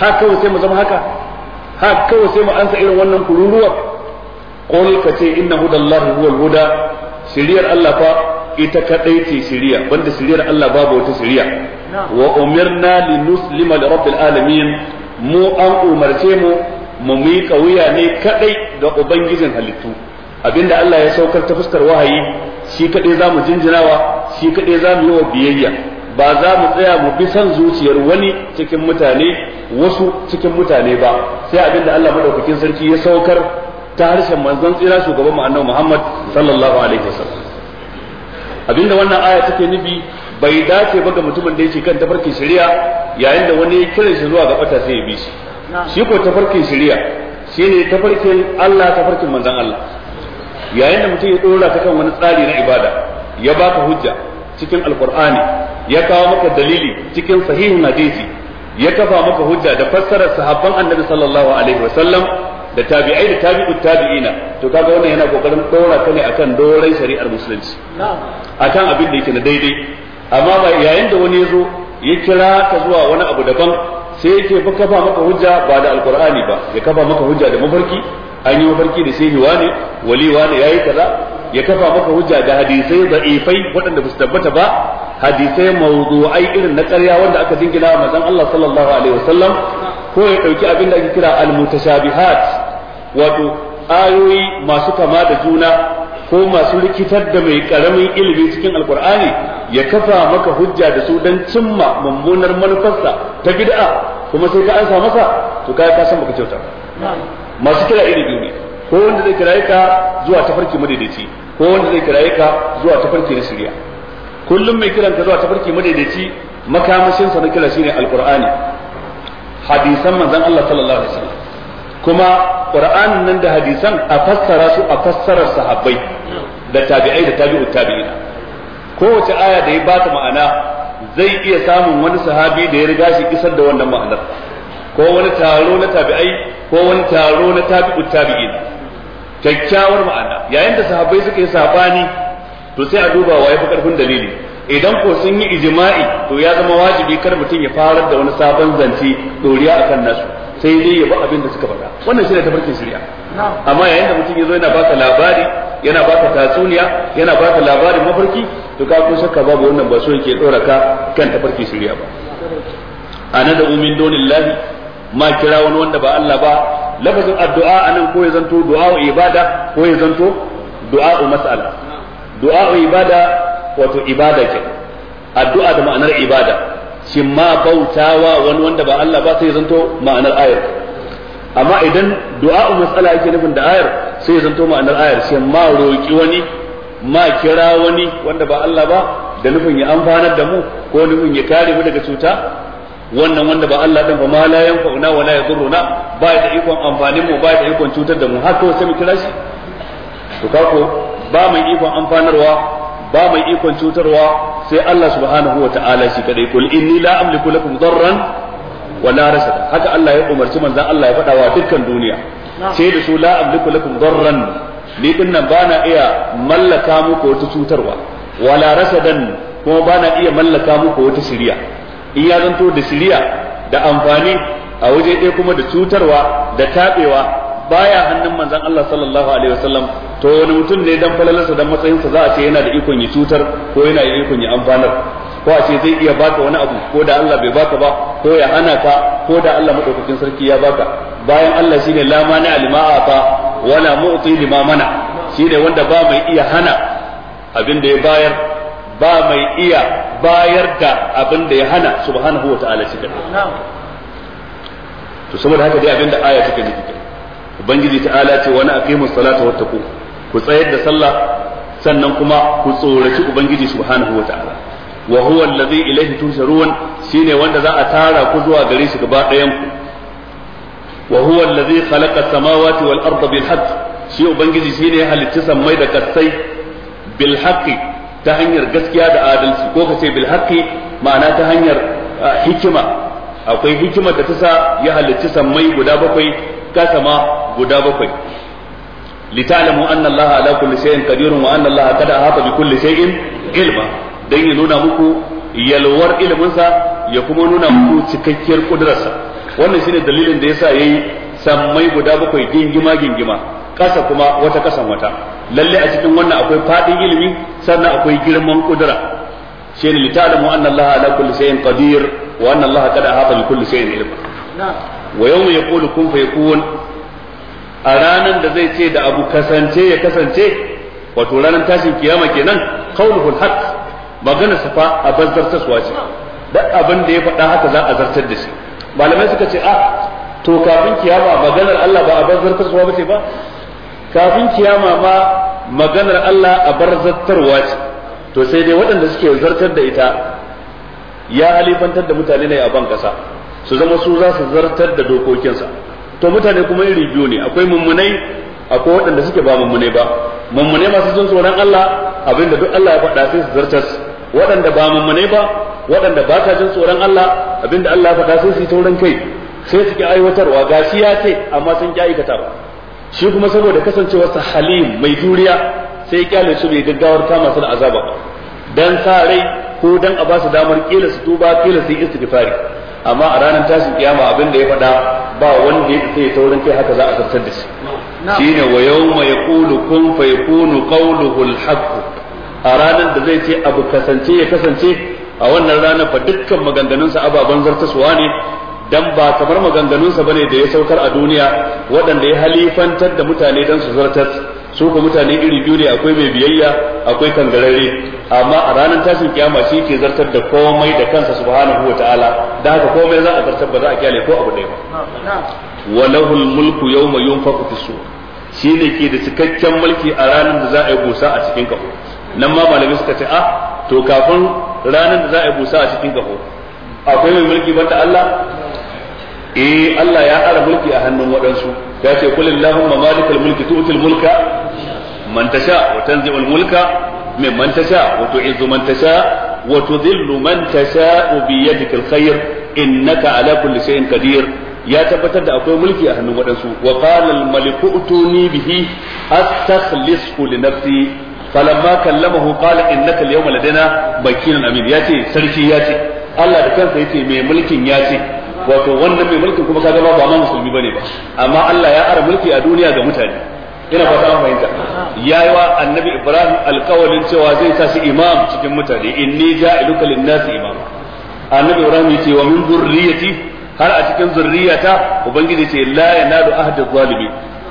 har kawai sai mu zama haka har kawai sai mu ansa irin wannan kururuwa qul ka ce inna hudallahi huwal huda shiriyar Allah fa ita kadai ce shiriya? banda shiriyar Allah babu wata shiriya. wa umirna li nuslima li rabbil alamin mu an umarce mu mu yi kauya ne kadai ga ubangijin halittu abinda Allah ya saukar ta fuskar wahayi shi kadai zamu jinjinawa shi kadai zamu yi wa biyayya ba za mu tsaya mu bi san zuciyar wani cikin mutane wasu cikin mutane ba sai abinda Allah madaukakin sarki ya saukar ta harshen manzon tsira shugaban mu annabi Muhammad sallallahu alaihi wasallam abinda wannan aya take nufi bai dace ba ga mutumin da yake kan tafarkin shari'a yayin da wani ya kira shi zuwa ga bata sai ya bi shi shi ko tafarkin shari'a shine tafarkin Allah tafarkin manzon Allah yayin da mutum ya dora ta kan wani tsari na ibada ya baka hujja cikin alqur'ani ya kawo maka dalili cikin sahihin hadisi ya kafa maka hujja da fassarar sahabban annabi sallallahu alaihi wasallam da tabi'ai da tabi'ut tabi'ina to kaga wannan yana kokarin dora ka akan dorai shari'ar musulunci akan abin da yake na daidai amma ba yayin da wani ya zo ya kira ka zuwa wani abu daban sai yake fa kafa maka hujja ba da alqur'ani ba ya kafa maka hujja da mafarki an yi mafarki da shehi wane wali wane yayi kaza ya kafa maka hujja da hadisai da'ifai waɗanda ba su tabbata ba hadisai mawdu'ai irin na ƙarya wanda aka dingina manzon Allah sallallahu alaihi wasallam ko ya dauki abin da ake kira al-mutashabihat wato ayoyi masu kama da juna ko masu rikitar da mai karamin ilimi cikin alqur'ani ya kafa maka hujja da su dan cimma mummunar manufarsa ta bid'a kuma sai ka ansa masa to kai ka san baka kyauta masu kira iri biyu ne ko wanda zai kiraye ka zuwa tafarki madaidaici ko wanda zai kiraye ka zuwa tafarki na kullum mai kiran ka zuwa tafarki madaidaici makamashin sa na kira shine alqur'ani hadisan manzon Allah sallallahu alaihi wasallam kuma qur'anin nan da hadisan a fassara su a fassarar sahabbai da tabi'ai da tabi'ut tabi'ina kowace aya da ya bata ma'ana zai iya samun wani sahabi da ya riga shi isar da wannan ma'anar ko wani taro na tabi'ai ko wani taro na tabi'ut tabi'in kyakkyawar ma'ana yayin da sahabbai suka yi sabani to sai a duba wa yafi karfin dalili idan ko sun yi ijma'i to ya zama wajibi kar mutum ya farar da wani sabon zance doriya akan nasu sai dai ya bi abin da suka faɗa wannan shine tafarkin shari'a amma yayin da mutum ya zo yana baka labari yana baka tatsuniya yana baka labarin mafarki to ka kun saka babu wannan ba so yake dora ka kan tafarki shirya ba ana da umin donillahi ma kira wani wanda ba Allah ba lafazin addu'a anan ko ya zanto du'a ibada ko ya zanto du'a mas'ala du'a ibada wato ibada ke addu'a da ma'anar ibada shin ma bautawa wani wanda ba Allah ba sai ya zanto ma'anar ayar amma idan du'a'u matsala yake nufin da ayar sai ya zanto ma'anar ayar sai ma roki wani ma kira wani wanda ba Allah ba da nufin ya amfanar da mu ko nufin ya kare mu daga cuta wannan wanda ba Allah din ba ma la yanfa'una wa la yadurruna ba da ikon amfanin mu ba da ikon cutar da mu har ko sai mu kira shi to ko ba mai ikon amfanarwa ba mai ikon cutarwa sai Allah subhanahu wa ta'ala shi kadai kul inni la amliku lakum darran wala rasada haka Allah ya umarci manzon Allah ya faɗa wa dukkan duniya sai da su la amliku lakum darran ni nan bana iya mallaka muku wata cutarwa wala rasadan kuma bana iya mallaka muku wata shiriya in ya zanto da shiriya da amfani a waje ɗaya kuma da cutarwa da taɓewa baya hannun manzon Allah sallallahu alaihi wasallam to wani mutum ne dan falalarsa dan matsayinsa za a ce yana da ikon ya cutar ko yana da ikon ya amfanar ko a ce zai iya baka wani abu ko da Allah bai baka ba ko ya hana ka ko da Allah madaukakin sarki ya baka bayan Allah shine la mani alima ata wala mu'ti lima mana shine wanda ba mai iya hana abin da ya bayar ba mai iya bayar da abin da ya hana subhanahu wa ta'ala shi to saboda haka dai abin da aya take nufi ubangiji ta'ala ce wani aqimus salata wattaqu ku tsayar da sallah sannan kuma ku tsoraci ubangiji subhanahu wa ta'ala wa huwa allazi ilayhi tusharun shine wanda za a tara ku zuwa gare shi gaba ɗayan ku wa huwa allazi khalaqa samawati wal arda bil haqq shi ubangiji shine ya halicci sammai da kasai bil ta hanyar gaskiya da adalci ko kace bil haqqi ma'ana ta hanyar hikima akwai hikima da ta ya halicci sammai guda bakwai kasama guda bakwai ala kulli shay'in qadirun wa anna allaha qad bi dan ya nuna muku yalwar iliminsa ya kuma nuna muku cikakkiyar kudurarsa wannan shine dalilin da yasa yayi sammai guda bakwai gingima gingima kasa kuma wata kasan wata lalle a cikin wannan akwai fadin ilimi sannan akwai girman kudura shine litalamu anna allaha ala kulli shay'in qadir wa anna allaha qad ahata bi kulli shay'in
ilma
wa yawma yaqulu kun fayakun a ranar da zai ce da abu kasance ya kasance wato ranar tashin kiyama kenan qauluhul haqq magana safa a suwa ce duk abin da ya faɗa haka za a zartar da shi malamai suka ce a ah, to kafin kiyama maganar Allah ba a ta ba ce ba kafin kiyama ma maganar Allah a barzartarwa ce to sai dai waɗanda suke zartar da ita ya alifantar da mutane ne a ban ƙasa su zama su za su zartar da dokokinsa to mutane kuma iri biyu ne akwai mummunai akwai waɗanda suke ba mummunai ba mummunai masu jin tsoron Allah abinda duk Allah ya faɗa sai su zartas waɗanda ba mummune ba waɗanda ba ta jin tsoron Allah abinda Allah ya faɗa sai su yi taurin kai sai su ki aiwatarwa gashi ya ce amma sun ki aikata ba shi kuma saboda sa halim mai juriya sai kyale su bai gaggawar kama su da azaba dan sa rai ko dan a ba su damar kila su tuba kila su yi istighfari amma a ranar tashin kiyama abin da ya faɗa ba wanda ya sai taurin kai haka za a tsartar da shi shine wa yawma yaqulu kun fayakunu qawluhu alhaq a ranar da zai ce abu kasance ya kasance a wannan ranar fa dukkan maganganunsa ababen zartaswa ne dan ba kamar maganganunsa bane da ya saukar a duniya waɗanda ya halifantar da mutane dan su zartas su ko mutane iri biyu ne akwai mai biyayya akwai kangarare amma a ranar tashin kiyama shi ke zartar da komai da kansa subhanahu wataala da haka komai za a zartar ba za a kyale ko abu ɗaya
ba
wa lahul mulku yawma yunfaku fi sur shi ne ke da cikakken mulki a ranar da za a yi busa a cikin kaho nan ma malamai suka ce ah to kafin ranar da za a yi busa a cikin kaho akwai mai mulki banda Allah
eh Allah ya ara mulki a hannun waɗansu ya ce kulil lahumma malikal mulki tu'til mulka
man tasha wa tanzi'ul mulka mimman tasha wa tu'izzu man tasha wa tudhillu man tasha bi yadikal khair innaka ala kulli shay'in qadir ya tabbatar da akwai mulki a hannun waɗansu wa qala al maliku utuni bihi astakhlisu li nafsi falamma kallamahu qala innaka al yawma ladaina makinun amin yace sarki yace Allah da kansa yace mai mulkin yace wato wannan mai mulkin kuma kaga ba ma musulmi bane ba amma Allah ya ara mulki a duniya ga mutane ina fata an fahimta yayi wa annabi Ibrahim alƙawalin cewa zai sa shi imam cikin mutane inni ja'iluka lin-nasi imama annabi Ibrahim yace wa min dhurriyyati har a cikin zurriyata ubangiji ce la yanalu ahadu zalimi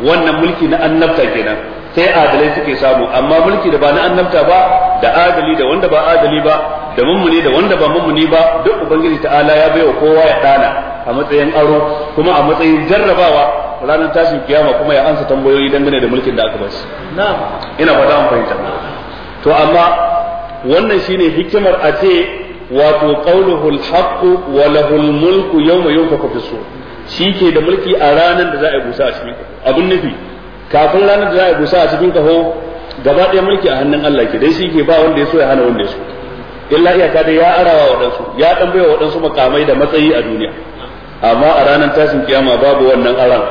wannan mulki na annabta kenan sai adalai suke samu amma mulki da ba na annabta ba da adali da wanda ba adali ba da mummuni da wanda ba mummuni ba duk ubangiji ta'ala ya baiwa kowa ya dana a matsayin aro kuma a matsayin jarrabawa ranar tashin kiyama kuma ya ansa tambayoyi dangane da mulkin da aka ba shi ina fata an fahimta to amma wannan shine hikimar a ce wato qawluhu al-haqq wa lahu al-mulku yawma yunfakhu fi sur shi ke da mulki a ranar da za a yi gusa a cikin abun nufi kafin ranar da za a yi gusa a cikin ho gaba ɗaya mulki a hannun Allah ke dai shi ke ba wanda ya so ya hana wanda ya so illa ka da ya arawa waɗansu ya ɗan baiwa waɗansu makamai da matsayi a duniya amma a ranar tashin kiyama babu wannan aran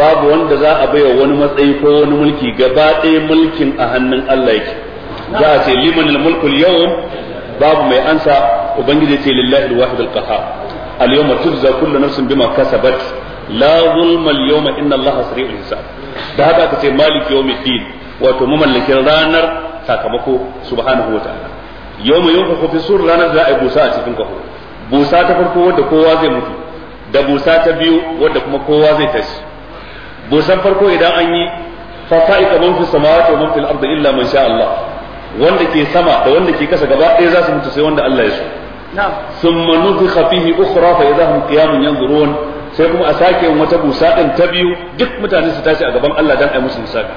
babu wanda za a baiwa wani matsayi ko wani mulki gaba ɗaya mulkin a hannun Allah yake za a ce liman al-mulku al-yawm babu mai ansa ubangiji ce lillahi alwahid alqahar alyawma tujza kullu nafsin bima kasabat la zulma alyawma inna allaha sari'ul hisab da haka aka ce malik yawmiddin wato mamallakin ranar sakamako subhanahu wataala yawma yunfakhu fi sur ranar za a busa a cikin kaho busa ta farko wadda kowa zai mutu da busa ta biyu kuma kowa zai tashi busan farko idan an yi fa fa'ika man fi samawati wa man fil ardi illa man sha Allah wanda ke sama da wanda ke kasa gaba ɗaya za su mutu sai wanda Allah ya so thumma nufikha fihi ukhra fa idahum qiyamun yanzurun sai kuma a sake wata busa din ta biyu duk mutane su tashi a gaban Allah dan ai musu hisabi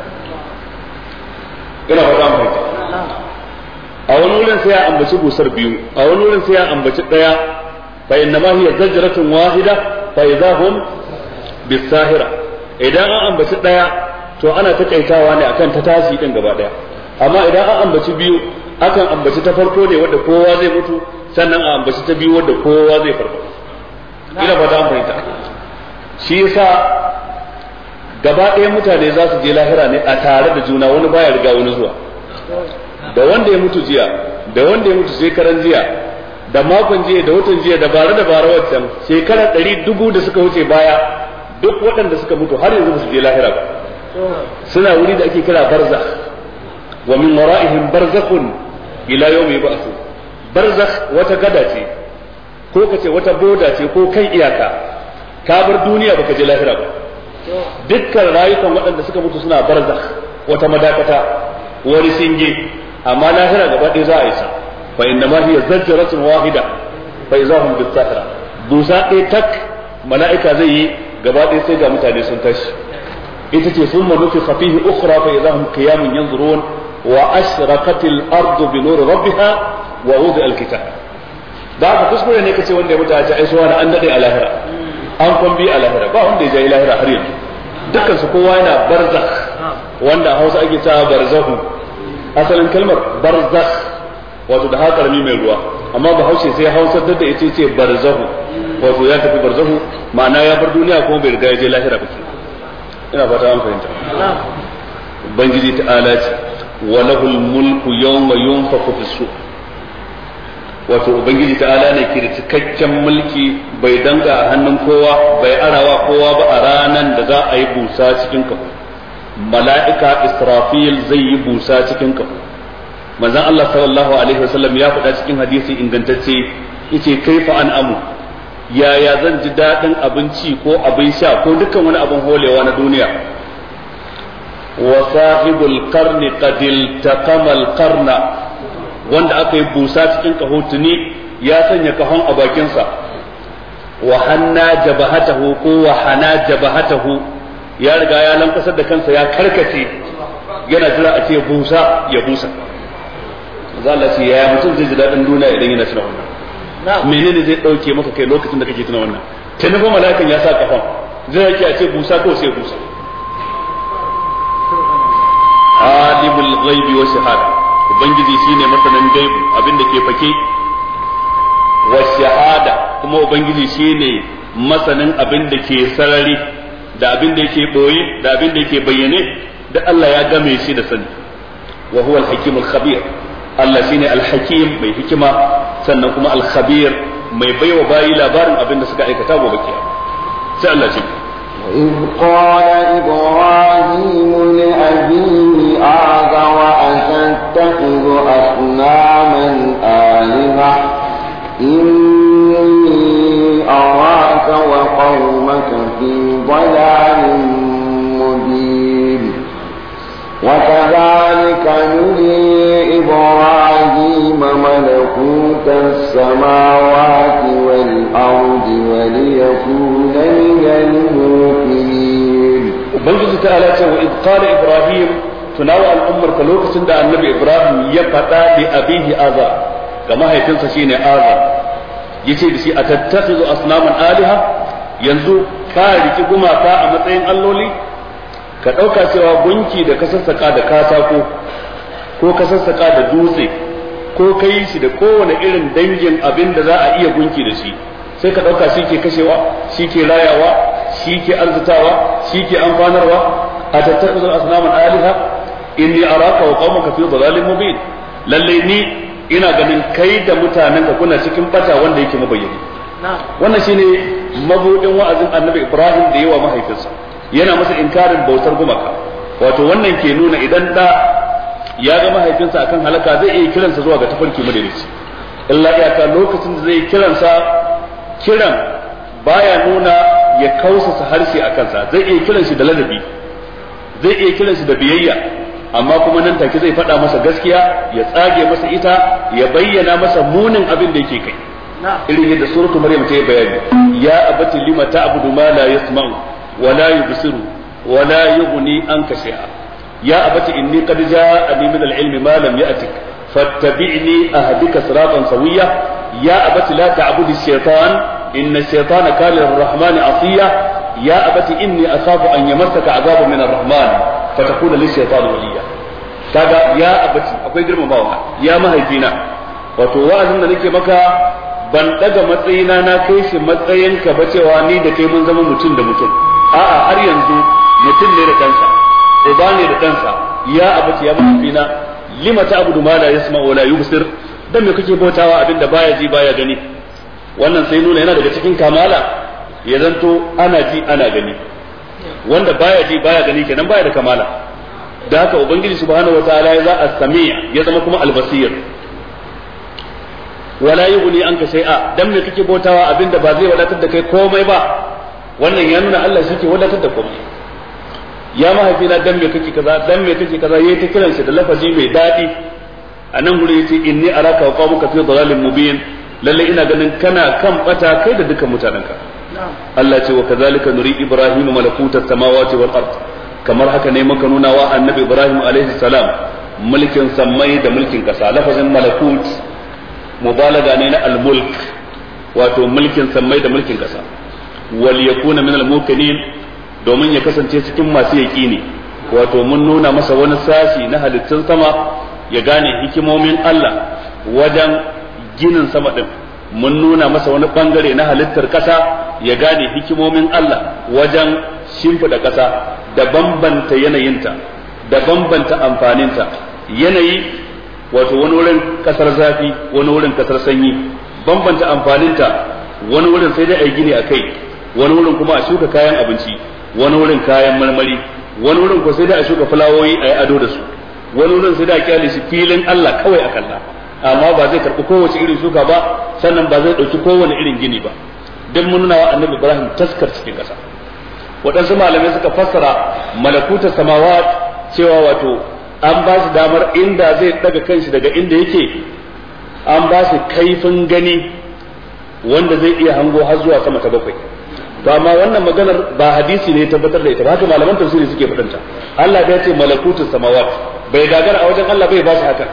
ina fata mu a wani wurin sai ya ambaci busar biyu a wani wurin sai ya ambaci ɗaya, fa innama hiya zajratun wahida fa idahum bisahira idan an ambaci ɗaya to ana takaitawa ne akan ta tashi din gaba ɗaya. amma idan an ambaci biyu akan ambaci ta farko ne wanda kowa zai mutu sannan a ambaci ta biyu wanda kowa zai farko ina ba da an fahimta shi yasa gaba ɗaya mutane za su je lahira ne a tare da juna wani baya riga wani zuwa da wanda ya mutu jiya da wanda ya mutu shekaran jiya da makon jiya da watan jiya da bare da bare wancan shekara ɗari dubu da suka wuce baya duk waɗanda suka mutu har yanzu ba su je lahira ba suna wuri da ake kira barza wa min wara'ihim barzakhun ila yawmi yub'athu barzakh wata gada ce ko kace wata boda ce ko kan iyaka Ta bar duniya ba ka je lahira ba dukkan rayukan waɗanda suka mutu suna barzakh wata madakata wani singe amma lahira gaba ɗaya za a yi sa fa inna ma hiya zajratun wahida fa izahum bis-sahra dusa ɗaya tak mala'ika zai yi gabaɗaya sai ga mutane sun tashi ita ce sun manufi fafihi ukhra fa idza hum qiyamun yanzurun wa ashraqatil ardu bi nuri rabbiha wa wudi alkitab da haka kuskure ne kace wanda ya mutu a ce ai suwana an dade a lahira an kwambi a lahira ba wanda ya je lahira har yanzu dukkan su kowa yana barzakh wanda a Hausa ake cewa barzahu asalin kalmar barzakh wato da haƙar ni mai ruwa amma bahaushe sai Hausa da yace ce barzahu wato ya tafi barzahu ma'ana ya bar duniya kuma bai riga ya je lahira ba ina fata an fahimta ubangiji ta'ala ce wa lahul mulku yawma yunfaku fi su wato ubangiji ta'ala ne ke da cikakken mulki bai danga a hannun kowa bai arawa kowa ba a ranan da za a yi busa cikin kafu mala'ika israfil zai yi busa cikin kafu manzon Allah sallallahu alaihi wasallam ya faɗa cikin hadisi ingantacce yace kaifa an amu yaya zan ji daɗin abinci ko abin sha ko dukkan wani abin holewa na duniya وصاحب القرن قد التقم القرن wanda akai busa cikin kahotuni ya sanya kahon a bakinsa wa hanna jabahatahu ko wa hana jabahatahu ya riga ya lankasar da kansa ya karkace
yana jira a ce
busa ya busa zalla ya yaya mutum zai jira daɗin duniya idan yana tuna wannan menene zai ɗauke maka kai lokacin da kake tuna wannan tuni fa mala'ikan ya sa kafan zai yake a ce busa ko sai busa alimul ghaibi wa shahada ubangiji shine masanin gaibu abinda ke fake wa shahada kuma ubangiji shine masanin abin da ke sarari da abin da yake boye da abin da yake bayyane da Allah ya game shi da sani wa huwa al-hakim khabir Allah shine al-hakim mai hikima sannan kuma al-khabir mai baiwa bayi labarin abin da suka aikata gobe kiyama sai Allah ce إذ قال إبراهيم
لأبيه آذر وأتتخذ أصناما آلهة إني أراك وقومك في ضلال مبين وكذلك نري إبراهيم ملكوت السماوات والأرض وليكون
ubangiji ta ala wa id qala ibrahim tunawa al'ummar ka lokacin da annabi ibrahim ya faɗa da abihi aza ga mahaifinsa shine aza yace da shi a zuwa asnaman aliha yanzu ka riki gumaka a matsayin alloli ka ɗauka cewa gunki da ka sassaka da katako ko ka sassaka da dutse ko kai shi da kowane irin dangin abin da za a iya gunki da shi sai ka ɗauka shi ke kashewa shi ke rayawa shi ke arzitawa shi ke amfanarwa a tattakuzar asnaman aliha inni araka wa qaumaka fi dhalalin mubin lalle ni ina ganin kai da mutanen ka kuna cikin bata wanda yake mabayyani wannan shine mabudin wa'azin annabi Ibrahim da yawa mahaifinsa yana masa inkarin bautar gumaka wato wannan ke nuna idan da ya ga mahaifinsa akan halaka zai iya kiransa zuwa ga tafarki madarici illa iyaka lokacin da zai kiransa kiran baya nuna ya kausasa harshe a kansa zai iya kiran shi da ladabi zai iya kiran shi da biyayya amma kuma nan take zai faɗa masa gaskiya ya tsage masa ita ya bayyana masa munin abin da yake kai irin yadda suratu maryam ta yi bayani ya abati lima ta'budu ma la yasma'u wa la yubsiru wa la yughni anka shay'a ya abati inni qad ja'ani min al-ilmi ma lam ya'tik fattabi'ni ahdika siratan sawiyya ya abati la ta'budu shaytan inna shaytana kana lirrahmani asiya ya abati inni akhafu an yamassaka azabun min arrahman fatakuna lishaytani waliya kaga ya abati akwai girmamawa ya mahaifina wato wa'azin da nake maka ban daga matsayina na kai shi matsayinka ba cewa ni da kai mun zama mutum da mutum a'a har yanzu mutum ne da kansa uba ne da kansa ya abati ya mahaifina lima abudu ma la yasma'u wa la yubsir dan me kake bautawa abinda baya ji baya gani wannan sai nuna yana daga cikin kamala ya zanto ana ji ana gani wanda baya ji baya gani kenan baya da kamala da haka ubangiji subhanahu wataala ya za a samiya ya zama kuma albasir wala yughni anka shay'a dan me kake bautawa abinda ba zai wadatar da kai komai ba wannan ya nuna Allah shi ke wadatar da komai ya mahaifina dan me kake kaza dan me kake kaza yayi ta kiran shi da lafazi mai dadi anan gure yace inni araka wa qaumuka fi dhalalin mubin lalle ina ganin kana kan bata kai da dukan mutanenka Allah ce wa kazalika nuri ibrahim malakuta samawati wal ard kamar haka ne muka nuna wa annabi ibrahim alaihi salam mulkin sammai da mulkin kasa lafazin malakut mubalaga ne na al-mulk wato mulkin sammai da mulkin kasa wal yakuna min al-mukminin domin ya kasance cikin masu yaqini wato mun nuna masa wani sashi na halittun sama ya gane hikimomin Allah wajen ginin sama ɗin mun nuna masa wani bangare na halittar ƙasa ya gane hikimomin Allah wajen shimfiɗa ƙasa da bambanta yanayinta da bambanta amfaninta yanayi wato wani wurin ƙasar zafi wani wurin ƙasar sanyi bambanta amfaninta wani wurin sai dai a yi gini a kai wani wurin kuma a shuka kayan abinci wani wurin kayan marmari wani wurin ko sai dai a shuka fulawoyi a yi ado da su wani wurin sai da kyale shi filin Allah kawai a kalla amma ba zai karɓi kowace irin shuka ba sannan ba zai ɗauki kowane irin gini ba duk mun nuna wa annabi Ibrahim taskar cikin ƙasa waɗansu malamai suka fassara malakuta samawa cewa wato an ba shi damar inda zai daga kanshi daga inda yake an ba shi kaifin gani wanda zai iya hango har zuwa sama ta bakwai to amma wannan maganar ba hadisi ne tabbatar da ita ba haka malaman tafsiri suke faɗanta Allah ya ce malakutus samawat bai dagara a wajen Allah bai ba shi hakan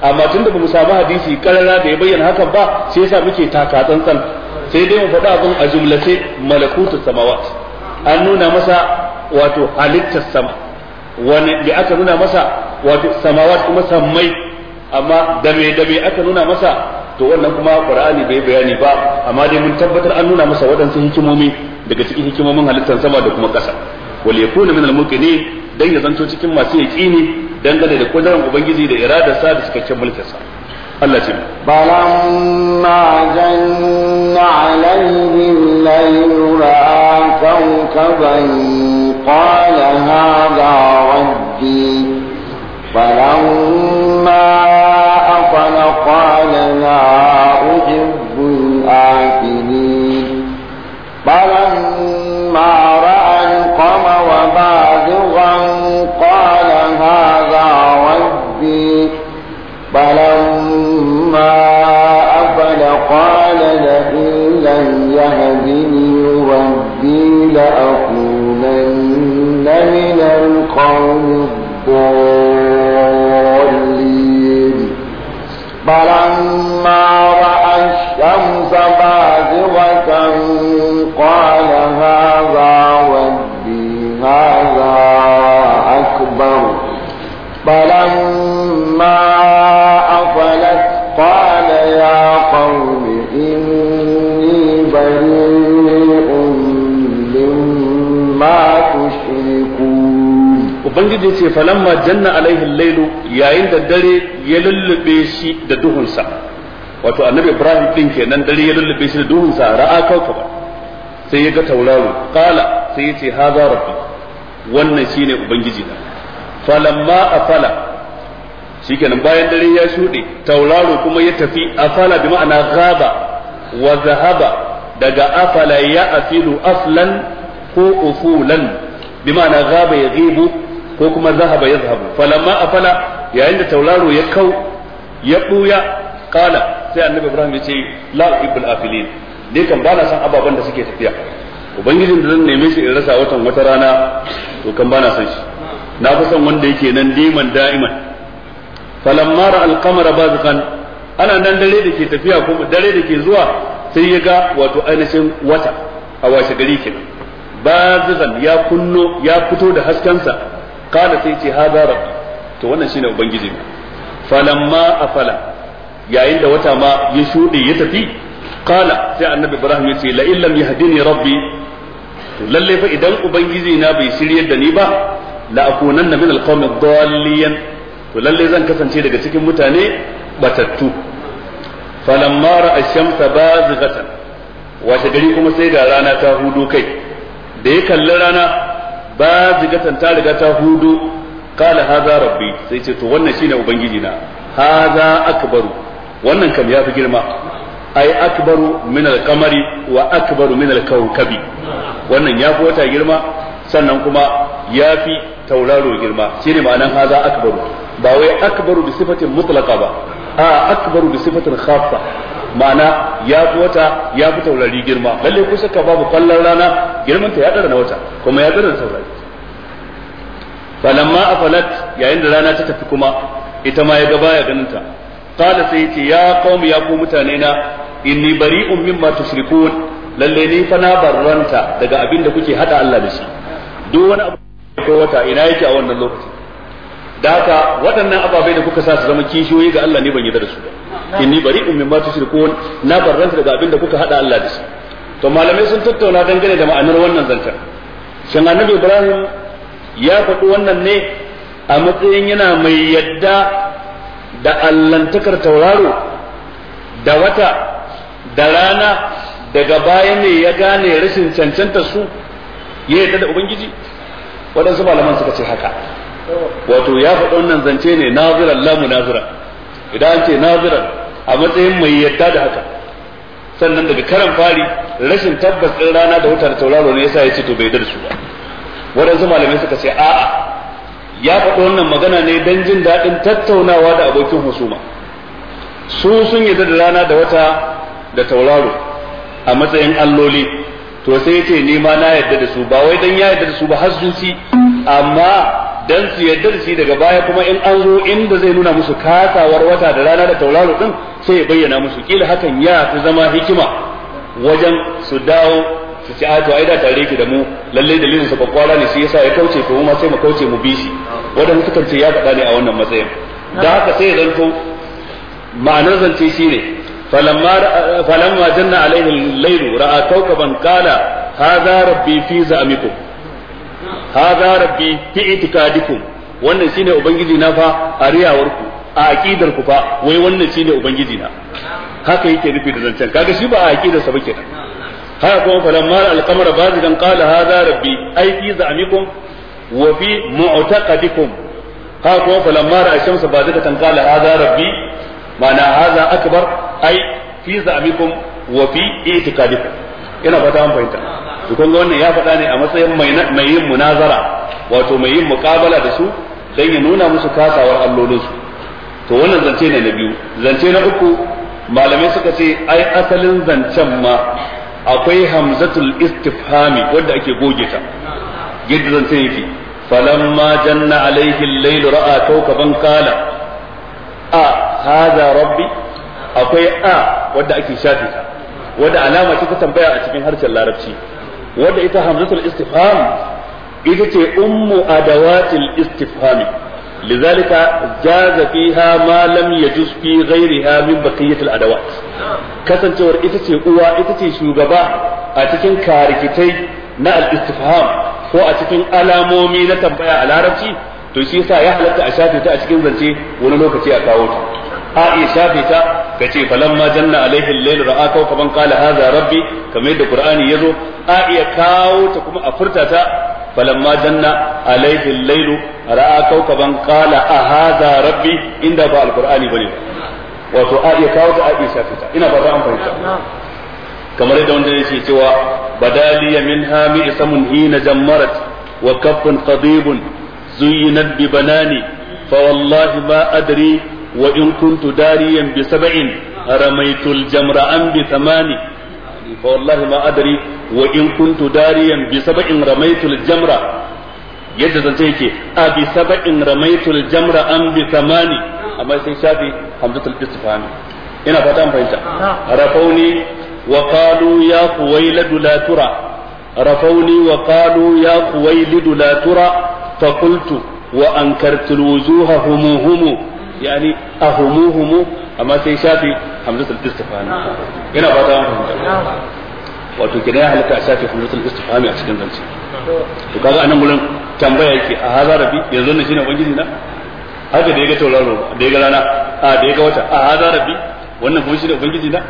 amma tunda bamu samu hadisi karara da ya bayyana hakan ba sai yasa muke taka tsantsan sai dai mu faɗa abin a jumlace malakutu samawat an nuna masa wato halittar sama wani da aka nuna masa wato samawat kuma sammai amma da me da me aka nuna masa to wannan kuma qur'ani bai bayani ba amma dai mun tabbatar an nuna masa waɗansu hikimomi daga cikin hikimomin halittar sama da kuma ƙasa wal yakuna min al-muqinin dan ya zanto cikin masu yaqini dangane da kudurin ubangiji da iradarsa da cikakken mulkinsa Allah ce
balamma janna alaihim layl kwana kawkaban qala hadha rabbi ma afala qala la ujib فلما أفل قال لئن لم يهدني ربي لأكونن من القوم الضالين
ubangiji ya ce falamma janna alaihi lailu yayin da dare ya lullube shi da duhunsa wato annabi ibrahim din kenan dare ya lullube shi da duhunsa ra'a ba sai ya ga tauraro qala sai ya ce hadha rabbi wannan shine ubangiji na falamma afala shikenan bayan dare ya shuɗe tauraro kuma ya tafi afala bi ma'ana ghaba wa zahaba daga afala ya afilu aflan ko ufulan bi ma'ana ghaba ya ghibu ko kuma zahaba zahabu falamma afala yayin da tauraro ya kau ya buya kala sai annabi ibrahim ya ce la ibul afilin ne kan bana san ababan da suke tafiya ubangijin da zan neme shi in rasa watan wata rana to kan bana san shi na fi son wanda yake nan diman da'iman falamma ra al-qamara bazqan ana nan dare da ke tafiya ko dare da ke zuwa sai ya ga wato ainihin wata a washe gari kenan bazikan ya kunno ya fito da haskensa qala sai ce hadha rabbi to wannan shine ubangiji ne. falamma afala yayin da wata ma ya shude ya tafi qala sai annabi ibrahim ya ce la illam yahdini rabbi to lalle fa idan ubangiji na bai shiryar da ni ba la akunanna min alqawmi dhalliyan to lalle zan kasance daga cikin mutane batattu falamma ra'a ash-shamsa bazighatan washe gari kuma sai ga rana ta hudu kai da ya kalli rana Ba bazigatan ta riga ta hudu kala haza rabbi sai ce to wannan shine ubangiji na haza akbaru wannan kam ya fi girma ay akbaru min al-qamari wa akbaru min al-kawkabi wannan ya fi wata girma sannan kuma ya fi tauraro girma shine ma'anan haza akbaru ba wai akbaru bi sifatin mutlaqa ba a akbaru bi sifatin khassa ma'ana ya fi wata ya fi taurari girma lalle kusa ka babu kallon rana girmanta ya dara na wata kuma ya dara taurari falamma afalat yayin da rana ta tafi kuma ita ma ya ga baya ganin ta qala sai yace ya qaumi ya ku mutane na inni bari'un mimma tushrikun lalle ni fa na barranta daga abin da kuke hada Allah da shi duk wani abu ko wata ina yake a wannan lokacin da haka waɗannan ababai da kuka sa su zama kishiyoyi ga Allah ne ban yarda da su ba inni ummin ma tushrikun na barranta daga abin da kuka hada Allah da shi to malamai sun tattauna dangane da ma'anar wannan zancen shin annabi Ibrahim ya faɗi wannan ne a matsayin yana mai yadda da allantakar tauraro da wata da rana daga baya ne ya gane rashin cancanta su ya yadda da ubangiji waɗansu malaman suka ce haka wato ya faɗi wannan zance ne naziran la munazira idan an ce naziran a matsayin mai yadda da haka sannan daga karan fari rashin tabbas din rana da wata da tauraro ne yasa ya ce to bai da su ba waɗansu malamai suka ce a'a ya faɗi wannan magana ne don jin daɗin tattaunawa da abokin husuma su sun yi da rana da wata da tauraro a matsayin alloli to sai ya ce ma na yadda da su ba wai dan ya yadda da su ba har zuci amma dan su yadda da shi daga baya kuma in an zo inda zai nuna musu kasawar wata da rana da tauraro din sai ya bayyana musu kila hakan ya fi zama hikima wajen su dawo su ci ato ai da tare ki da mu lalle dalilin sa kwakwara ne shi yasa ya kauce to mu ma sai mu kauce mu bi shi wanda sukan ce ya faɗa ne a wannan matsayin da haka sai ya zanto ma'anar zance ne falamma falamma janna alaihi al-lailu ra'a kawkaban qala hadha rabbi fi za'amikum hadha rabbi fi itikadikum wannan shine ubangiji na fa a riyawarku a aqidar ku fa wai wannan shine ubangiji na haka yake nufi da zancen kaga shi ba a sa ba kenan haka kuma falamma al-qamar bazidan qala hadha rabbi ay fi za'mikum wa fi mu'taqadikum haka kuma falamma ra'a shamsa bazidatan qala hadha rabbi ma'ana hadha akbar ay fi za'mikum wa fi i'tiqadikum ina fata an fahimta to kun ga wannan ya faɗa ne a matsayin mai yin munazara wato mai yin muƙabala da su don ya nuna musu kasawar allolinsu to wannan zance ne na biyu zance na uku malamai suka ce ai asalin zancen ma akwai hamzatul istifhami wanda ake goge ta yadda zancen yake falamma janna alaihi al-layl ra'a kawkaban qala a hadha rabbi akwai a wanda ake shafe ta Wadda alama ce ta tambaya a cikin harshen larabci wadda ita hamzatul istifham ita ce ummu adawatil istifham lizalika jaza fiha ya lam yajuz fi ghayriha min baqiyatil adawat kasancewar ita ce uwa ita ce shugaba a cikin karikitai na al istifham ko a cikin alamomi na tambaya a larabci to shi yasa ya halarta a shafe a cikin zance wani lokaci a kawo ta a iya shafe Ka ce kace falamma janna alaihi al-layl ra'a kawkaban qala hadha rabbi kamar yadda qur'ani yazo a iya kawo ta kuma a furta ta falamma janna alaihi al-layl ra'a kawkaban qala a hadha rabbi inda ba al-qur'ani bane wato a iya kawo ta a iya shafe ta ina ba za ta amfani kamar yadda wanda yake cewa ya min hami isamun hina jammarat wa kaffun qadibun zuyinat bi banani fa wallahi ma adri wa in kuntu dariyan bi sab'in ramaitul jamra'an bi thamani fa wallahi ma adri wa in kuntu dariyan bi sab'in jamra yadda zance yake a bi sab'in ramaitul jamra an bi thamani amma sai shafi hamzatul istifham
ina fata an fahimta rafauni
wa qalu ya quwailadu la tura rafauni wa qalu ya quwailadu la tura fa qultu wa ankartu alwujuha humu yani ahumuhumu amma sai shafi hamzatul istifham
yana ah. fata an fahimta ah.
wato kina ya halatta a shafi hamzatul istifham a cikin zance to kaga anan gurin tambaya yake a haza rabbi yanzu ne shine ubangiji na haka da ya ga tauraro da ya ga rana a da ya ga wata a haza rabi wannan kuma shine ubangiji na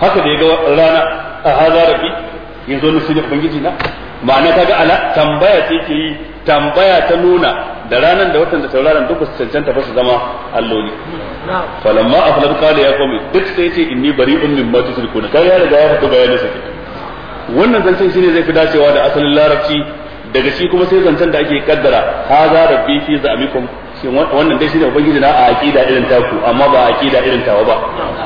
haka da ya ga rana a haza rabbi yanzu ne shine ubangiji na ma'ana kaga ala tambaya ce ke yi tambaya ta nuna da ranan da watan da tauraron duk su cancanta ba su zama alloli
falamma aflal qala ya
qawmi duk sai ce inni bari'un mimma tusrikuna kai ya riga ya fito bayanin sa wannan zancen shine zai fi dacewa da asalin larabci daga shi kuma sai zancen da ake kaddara haza rabbi fi za'amikum shin wannan dai shine ubangiji na a aqida irin taku amma ba aqida irin tawa ba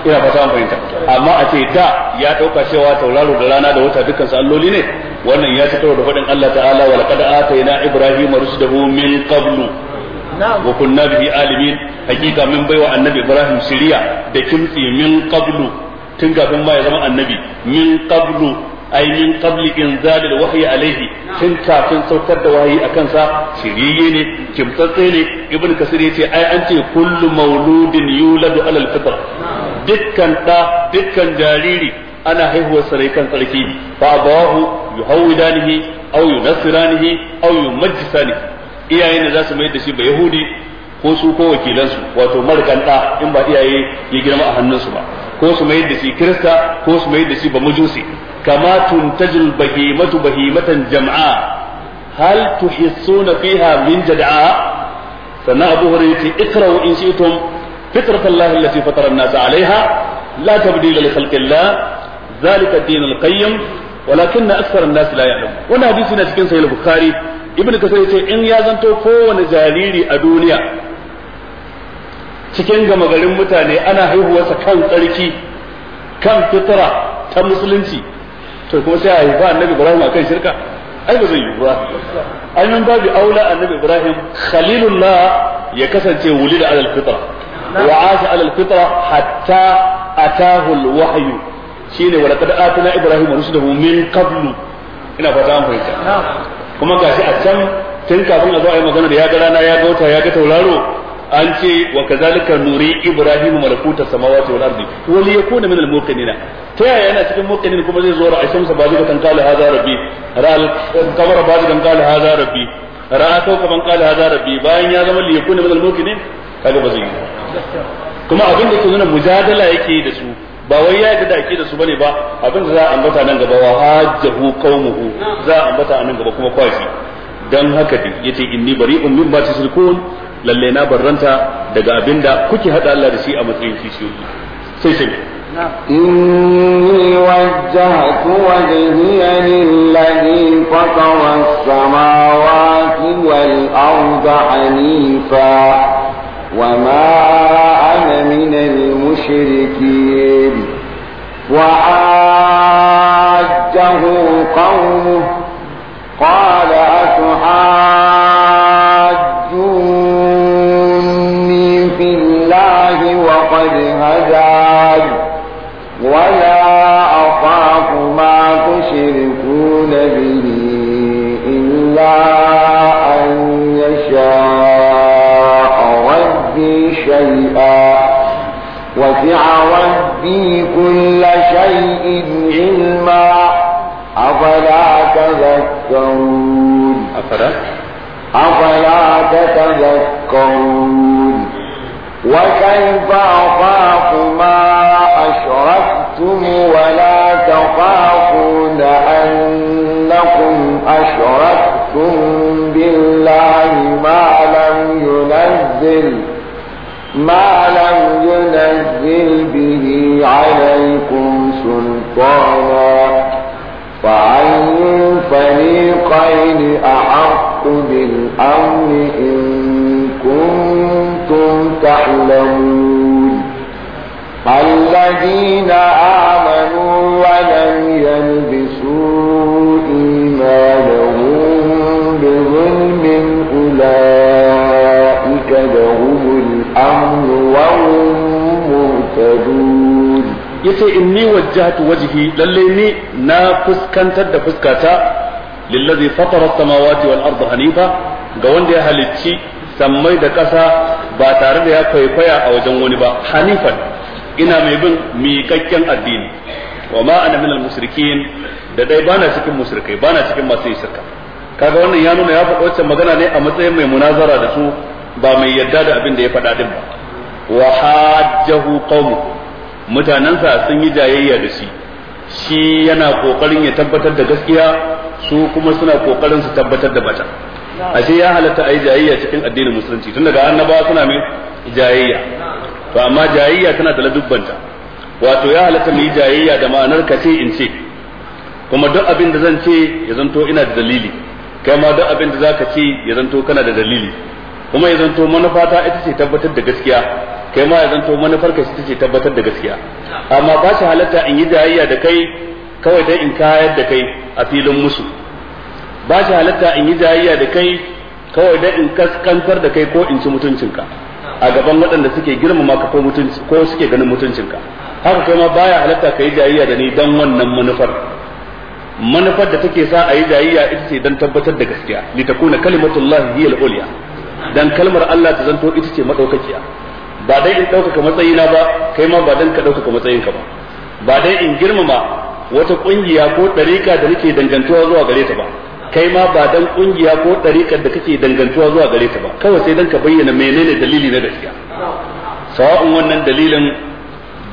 ina fata an fahimta amma a ce da ya dauka cewa tauraro da rana da wata dukkan su alloli ne wannan ya ci karo da faɗin Allah ta'ala wa laqad na ibrahima rushdahu min qablu wa kunna bihi alimin hakika mun baiwa annabi ibrahim shiriya da kimtsi min qablu tun kafin ma ya zama annabi min qablu ay min qabli inzal alwahyi tun kafin saukar da wahayi akan sa shiriye ne kimtsatse ne ibn kasir ce ai an ce kullu mauludin yuladu ala alfitra dukkan ɗa dukkan jariri ana haihuwar sarai kan tsarki fa yuhawidanihi aw yunasiranihi aw yumajjisanihi iyaye ne za su mai da shi ba yahudi ko su ko wakilansu wato markanta in ba iyaye ya girma a hannunsu ba ko su mai da shi kirista ko su mai shi ba majusi kama tuntajul bahimatu bahimatan jam'a hal tuhissuna fiha min jad'a sannan abu hurairah ce ikra'u in shi'tum fitratallahi allati fatara an-nasa 'alayha la tabdila li khalqillah ذلك الدين القيم walakin na aksarun nasu la ya'lam wannan hadisi na cikin sahih bukhari ibnu kasir yace in ya zanto kowane jariri a duniya cikin gama garin mutane ana haihuwarsa kan tsarki kan fitara ta musulunci to kuma sai a haifa annabi ibrahim akan shirka ai ba zai yi ba ai min babu aula annabi ibrahim khalilullah ya kasance wulida alal fitra wa asha alal fitra hatta atahu alwahyu shine wa laqad atina ibrahima rusulahu min qablu ina fata an fahimta kuma gashi a can tun kafin a zo a yi magana da ya ga rana ya ga wata ya ga tauraro an ce wa kazalika nuri ibrahim malakuta samawati wal ardi wa li yakuna min al muqinina ta yaya yana cikin muqinin kuma zai zo ra'a shamsa ba zai kan kala hada rabbi ra'al kamar ba zai kan kala hada rabbi ra'a to kaman kala hada rabbi bayan ya zama li yakuna min al muqinin kaga ba zai yi
kuma abin da ke nuna mujadala
yake da su ba wai ya yarda da su bane ba abin da za a ambata nan gaba wa hajjahu qaumuhu za a ambata nan gaba kuma kwashi dan haka din yace inni bari'un mimma tusrikun lalle na barranta daga abinda kuke hada Allah da shi a matsayin kishiyoyi sai sai
إني وجهت وجهي للذي فطر السماوات والأرض حنيفا وما أنا من المشركين وعاجه قومه قال شيئا وسع ربي كل شيء علما أفلا تذكرون أفلا أفلا تتذكرون وكيف أخاف ما أشركتم ولا تخافون أنكم أشركتم بالله ما لم ينزل ما لم ينزل به عليكم سلطانا فأي الفريقين أحق بالأمن إن كنتم تعلمون الذين آمنوا ولم ينزل
yace inni wajjahtu wajhi lalle ni na fuskantar da fuskata lillazi fatara samawati wal ardh hanifa ga wanda ya halicci sammai da kasa ba tare da ya kwaikwaya a wajen wani ba hanifan ina mai bin miƙaƙƙen addini wa ma ana al musrikin da dai bana cikin musrikai bana cikin masu shirka kaga wannan ya nuna ya faɗa magana ne a matsayin mai munazara da su ba mai yadda da abin da ya faɗa din ba wa hajjahu qaumuhu mutanensa sun yi jayayya da shi shi yana kokarin ya tabbatar da gaskiya su kuma suna kokarin su tabbatar da bata ashe ya halatta a yi jayayya cikin addinin musulunci tun daga annabawa suna mai jayayya to amma jayayya tana da ladubbanta wato ya halatta mu jayayya da ma'anar ce in ce kuma duk abin da zan ce ya zanto ina da dalili kai ma duk abin da zaka ce ya zanto kana da dalili kuma ya zanto manufa ta ita ce tabbatar da gaskiya kai ma ya zanto manufar ka ita ce tabbatar da gaskiya amma ba shi halatta in yi jayayya da kai kawai dan in kayar da kai a filin musu ba shi halatta in yi jayayya da kai kawai dan in kaskantar da kai ko in ci mutuncinka a gaban waɗanda suke girmama ka ko mutunci ko suke ganin mutuncinka haka kai ma baya halatta ka yi jayayya da ni dan wannan manufar manufar da take sa a yi jayayya ita ce don tabbatar da gaskiya litakuna kalimatullahi hiya al-ulya dan kalmar Allah ta zanto ita ce madaukakiya ba dai in ɗaukaka matsayina ba kai ma ba dan ka ɗaukaka matsayinka ba ba dai in girmama wata ƙungiya ko ɗariƙa da nake dangantuwa zuwa gare ta ba kai ma ba dan ƙungiya ko ɗariƙar da kake dangantuwa zuwa gare ta ba kawai sai dan ka bayyana menene dalili na gaskiya sawa'un wannan dalilin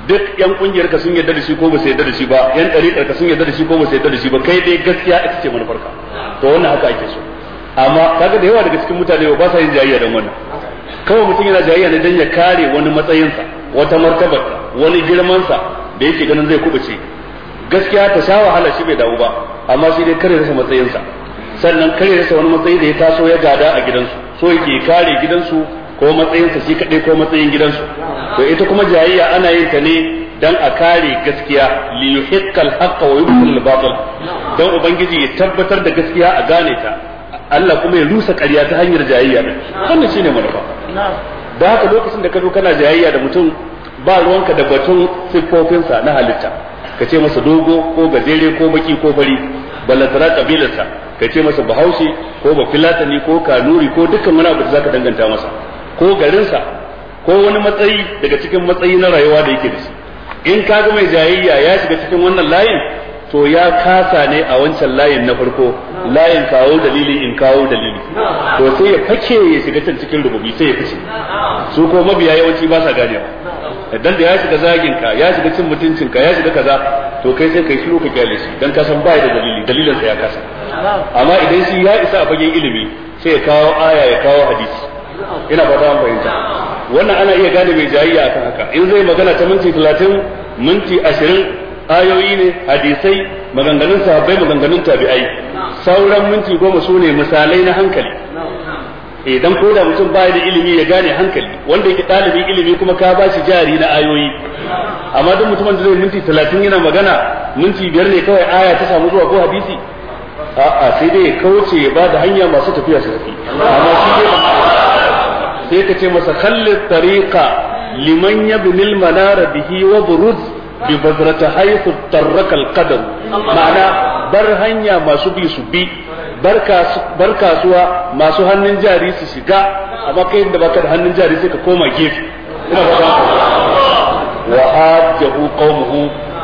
duk yan kungiyar ka sun yarda da shi ko ba su yarda da shi ba yan dariƙar ka sun yarda da shi ko ba su yarda da shi ba kai dai gaskiya ita ce manufarka
to wannan haka ake
so amma kaga da yawa daga cikin mutane ba sa yin jayayya dan wannan kawai mutum yana jayayya ne dan ya kare wani matsayinsa wata martabar wani girman sa da yake ganin zai kubuce gaskiya ta sha wahala shi bai dawo ba amma shi dai kare rasa matsayinsa sannan kare rasa wani matsayi da ya taso ya gada a gidansu so yake kare gidansu ko matsayinsa shi kadai ko matsayin gidansu to ita kuma jayayya ana yin ta ne dan a kare gaskiya li yuhiqqal haqqa wa yubtil batil dan ubangiji ya tabbatar da gaskiya a gane ta Allah kuma ya rusa ƙarya ta hanyar jayayya din wannan shine manufa da haka lokacin da ka zo kana jayayya da mutum ba ruwanka da batun siffofinsa na halitta ka ce masa dogo ko gajere ko baki ko fari ballantana kabilarsa ka ce masa bahaushe ko bafilatani ko kanuri ko dukkan wani abu da zaka danganta masa ko garinsa ko wani matsayi daga cikin matsayi na rayuwa da yake da shi in ka ga mai jayayya ya shiga cikin wannan layin to ya kasa ne a wancan layin na farko layin kawo dalili in kawo dalili to sai ya fake ya shiga can cikin rububi sai ya fice su ko mabiya yawanci ba sa gane. dan da ya shiga zagin ka ya shiga cin mutuncin ka ya shiga kaza to kai sai kai shiru ka kyale shi dan ka san ba da dalili dalilin sa ya kasa amma idan shi ya isa a fagen ilimi sai ya kawo aya ya kawo hadisi ina fata an fahimta wannan ana iya gane mai jayayya akan haka in zai magana ta minti 30 minti 20 ayoyi ne hadisai maganganun sahabbai maganganun tabi'ai sauran minti goma su ne misalai na hankali idan eh, ko da mutum baya da ilimi ya gane hankali wanda yake ɗalibin ilimi kuma ka ba shi jari na ayoyi amma duk mutumin da zai minti talatin yana magana minti biyar ne kawai aya ta samu zuwa ko hadisi a'a sai dai kauce ya ba da hanya masu tafiya su tafi amma shi sai ka ce masa kalli tariqa liman yabnil manara bihi wa buruz bi bazrata haythu tarraka alqadam ma'ana bar hanya masu bi su bi bar kasuwa masu hannun jari su shiga amma kai da baka da hannun jari sai ka koma gefe ina ba wa hajjahu qaumuhu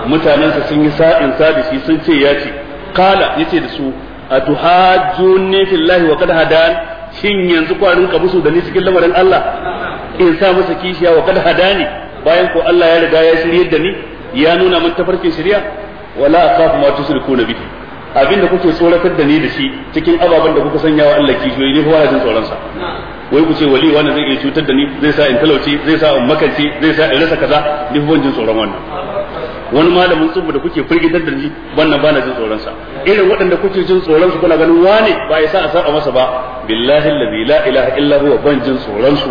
mutanansa sun yi sa'in sa da shi sun ce ya ce kala yace da su atuhajjunni fillahi wa qad hadan shin yanzu kwarin ka musu da ni cikin lamarin Allah in sa masa kishiya wa qad hadani bayan ko Allah ya riga ya shirye da ni ya nuna mun tafarkin shari'a wala akhafu ma tusrikuna bihi abinda kuke tsoratar da ni da shi cikin ababen da kuka sanya wa Allah kishiyoyi ne kowa jin tsoron sa wai ku ce wali wani zai iya cutar da ni zai sa in talauci zai sa in makance zai sa in rasa kaza ni ban jin tsoron wannan wani malamin tsubu da kuke firgitar da ni wannan bana jin tsoron sa irin waɗanda kuke jin tsoron su kuna ganin wane ba ya sa a saba masa ba billahi allazi la ilaha illa huwa ban jin tsoron su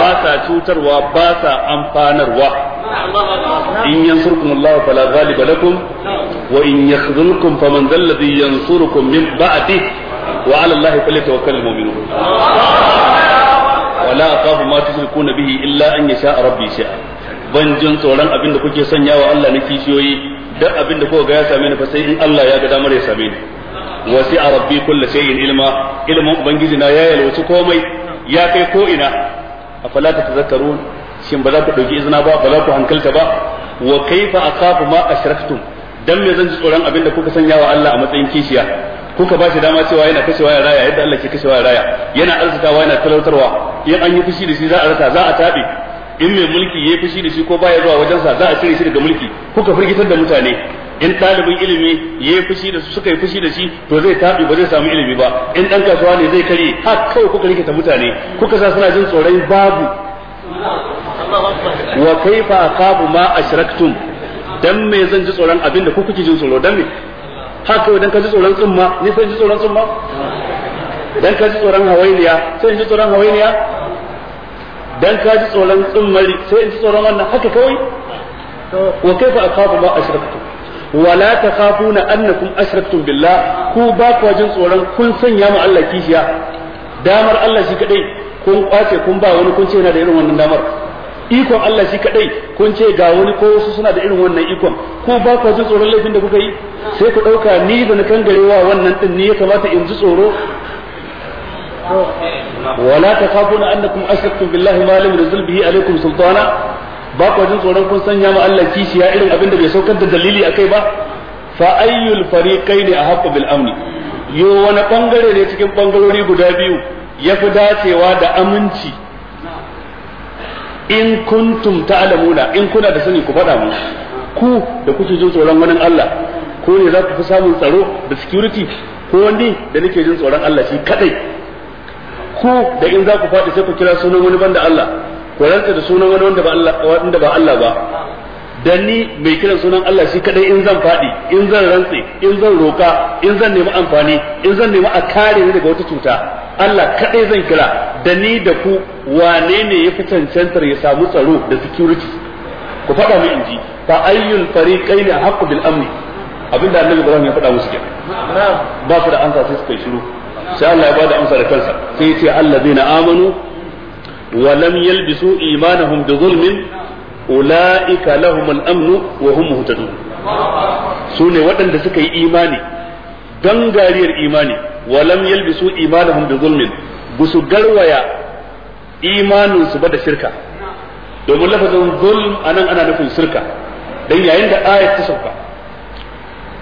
ba sa cutarwa ba sa amfanarwa in yansurkum Allah fala ghaliba lakum wa in yakhzulkum faman dhal ladhi yansurukum min ba'di wa 'ala Allah falyatawakkalul mu'minun wala akhafu ma tushrikuna bihi illa an yasha rabbi shay'a ban jin tsoron abin da kuke sanya wa Allah na kishiyoyi duk abinda da kuka ga ya same ni in Allah ya ga damar ya same ni wasi a rabbi kullu shay'in ilma ilmin ubangiji na ya yalwaci komai ya kai ko ina afala tatazakkarun shin ba za ku ɗauki izina ba ba za ku hankalta ba wa kaifa akhafu ma ashraktum dan me zan ji tsoron abin da kuka sanya wa Allah a matsayin kishiya kuka ba shi dama cewa yana kashewa ya raya yadda Allah ke kashewa ya raya yana arzikawa yana talautarwa in an yi fushi da shi za a rasa za a tabe in mai mulki yayi fushi da shi ko baya zuwa wajensa za a cire shi daga mulki kuka firgitar da mutane in ɗalibin ilimi ya yi fushi da su suka yi fushi da shi to zai taɓi ba zai samu ilimi ba in ɗan kasuwa ne zai karye har kawai kuka rikita mutane kuka sa suna jin tsoron babu wa kaifa kabu ma ashraktum dan me zan ji tsoron abin da ku kuke jin tsoro dan me haka idan ka ji tsoron tsumma ni sai ji tsoron tsumma dan ka ji tsoron hawainiya sai ji tsoron hawainiya dan ka ji tsoron tsummari sai in ji tsoron wannan haka kawai wa kaifa akafu ma ashraktum wala takhafuna annakum ashraktum billah ku ba ku jin tsoron kun sanya mu Allah kishiya damar Allah shi kadai kun kwace kun ba wani kun ce yana da irin wannan damar ikon Allah shi kadai kun ce ga wani ko wasu suna da irin wannan ikon ko ba ku jin tsoron laifin da kuka yi sai ku dauka ni da na kangarewa wannan din ne ya kamata in ji tsoro wala takhafuna annakum ashraktum billahi ma lam yunzil bihi alaykum sultana ba ku jin tsoron kun sanya ma Allah kishiya irin abin da bai saukar da dalili a kai ba fa ayyul fariqaini ahaqqu bil amni yo wani bangare ne cikin bangarori guda biyu ya fi dacewa da aminci in kuntum ta'lamuna in kuna da sani ku faɗa mu ku da kuke jin tsoron wani Allah ko ne za ku fi samun tsaro da security ko wani da nake jin tsoron Allah shi kadai ku da in za ku faɗi sai ku kira sunan wani banda Allah ku rantsa da sunan wani wanda ba Allah wanda ba Allah ba dan ni mai kiran sunan Allah shi kadai in zan faɗi in zan rantsi, in zan roka in zan nemi amfani in zan nemi a kare ni daga wata cuta Allah kaɗai zan kira da ni da ku wane ne ya fi cancantar ya samu tsaro da security ku faɗa min inji ba ayyul fariqaini haqqu bil amni abinda annabi Ibrahim ya faɗa musu kenan ba su da amsa sai suka shiru sai Allah ya bada amsa da kansa sai ya ce allazina amanu wa lam yalbisu imanahum bi zulmin ulaika lahum al-amnu wa hum muhtadun sune waɗanda suka yi imani gangariyar imani walam yalbisu imanahum bi zulmin busu garwaya imanin su ba da shirka domin lafazin zulm anan ana nufin shirka dan yayin da ayat ta sauka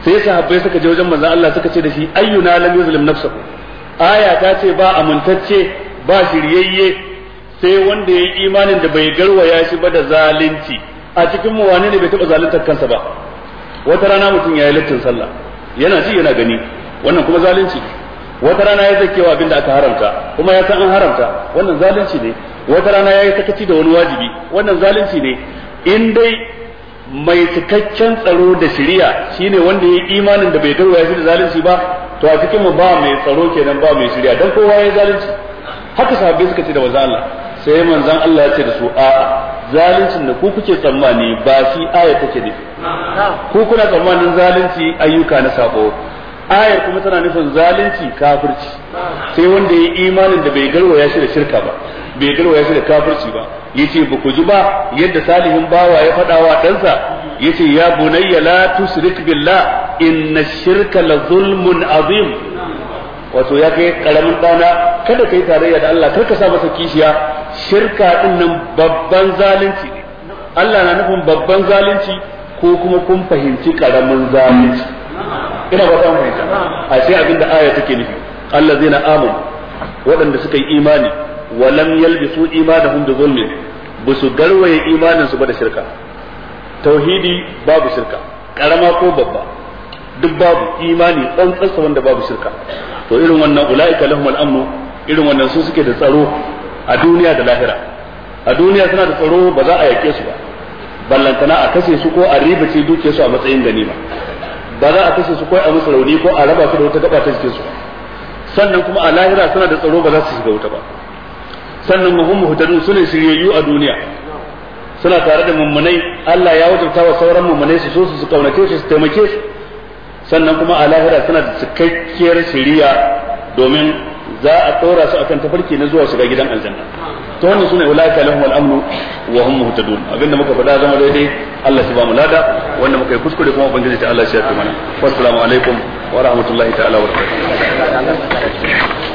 sai sahabbai suka je wajen manzon Allah suka ce da shi ayyuna lam yuzlim nafsuhu aya ta ce ba amintacce ba shiryayye sai wanda yi imanin da bai garwaya shi ba da zalunci a cikin mu wane ne bai taba zaluntar kansa ba wata rana mutum yayi lattin sallah yana ji yana gani wannan kuma zalunci wata rana ya zakewa abin da aka haramta kuma ya san an haramta wannan zalunci ne wata rana ya yi sakaci da wani wajibi wannan zalunci ne in dai mai cikakken tsaro da shiriya shine wanda ya yi imanin da bai ya shi da zalunci ba to a cikin mu ba mai tsaro kenan ba mai shiriya dan kowa ya yi zalunci haka sahabbai suka ce da manzon Allah sai manzon Allah ya ce da su a'a zaluncin da ku kuke tsammani ba shi aya take ne ku kuna tsammanin zalunci ayyuka na sabo ayar kuma tana nufin zalunci kafirci sai wanda ya imanin da bai garwaya shi da shirka ba bai garwaya shi da kafirci ba yace ba ku ji ba yadda salihin bawa ya faɗa wa ɗansa yace ya bunayya la tusrik billah inna shirka la zulmun azim wato ya kai karamin dana kada kai tarayya da Allah kar ka sa masa kishiya shirka din babban zalunci Allah na nufin babban zalunci ko kuma kun fahimci karamin zalunci ina ba ta mu a sai abinda aya take nufi na amanu waɗanda suka yi imani wa lam yalbisu imanahum bi zulmi ba garwaye imanin su ba da shirka tauhidi babu shirka karama ko babba duk babu imani tsantsarsa wanda babu shirka to irin wannan ula'ika lahum al-amn irin wannan su suke da tsaro a duniya da lahira a duniya suna da tsaro ba za a yake su ba ballantana a kashe su ko a ribace duke su a matsayin ganima ba za a kashe su ko a musu rauni ko a raba su da wata gaba ta jikin su sannan kuma a lahira suna da tsaro ba za su shiga wuta ba sannan muhum muhtadun sune shiryayyu a duniya suna tare da mummunai Allah ya wajabta wa sauran mummunai su so su su kaunace su su taimake su sannan kuma a lahira suna da cikakkiyar shiriya domin za a ɗora su akan tafarki na zuwa shiga gidan aljanna to wannan sune ulaika lahum al-amnu wa hum muhtadun abinda muka faɗa zama daidai Allah shi ba mu lada wanda muka yi kuskure kuma ubangiji ta Allah shi ya fi mana assalamu alaikum wa rahmatullahi ta'ala wa barakatuh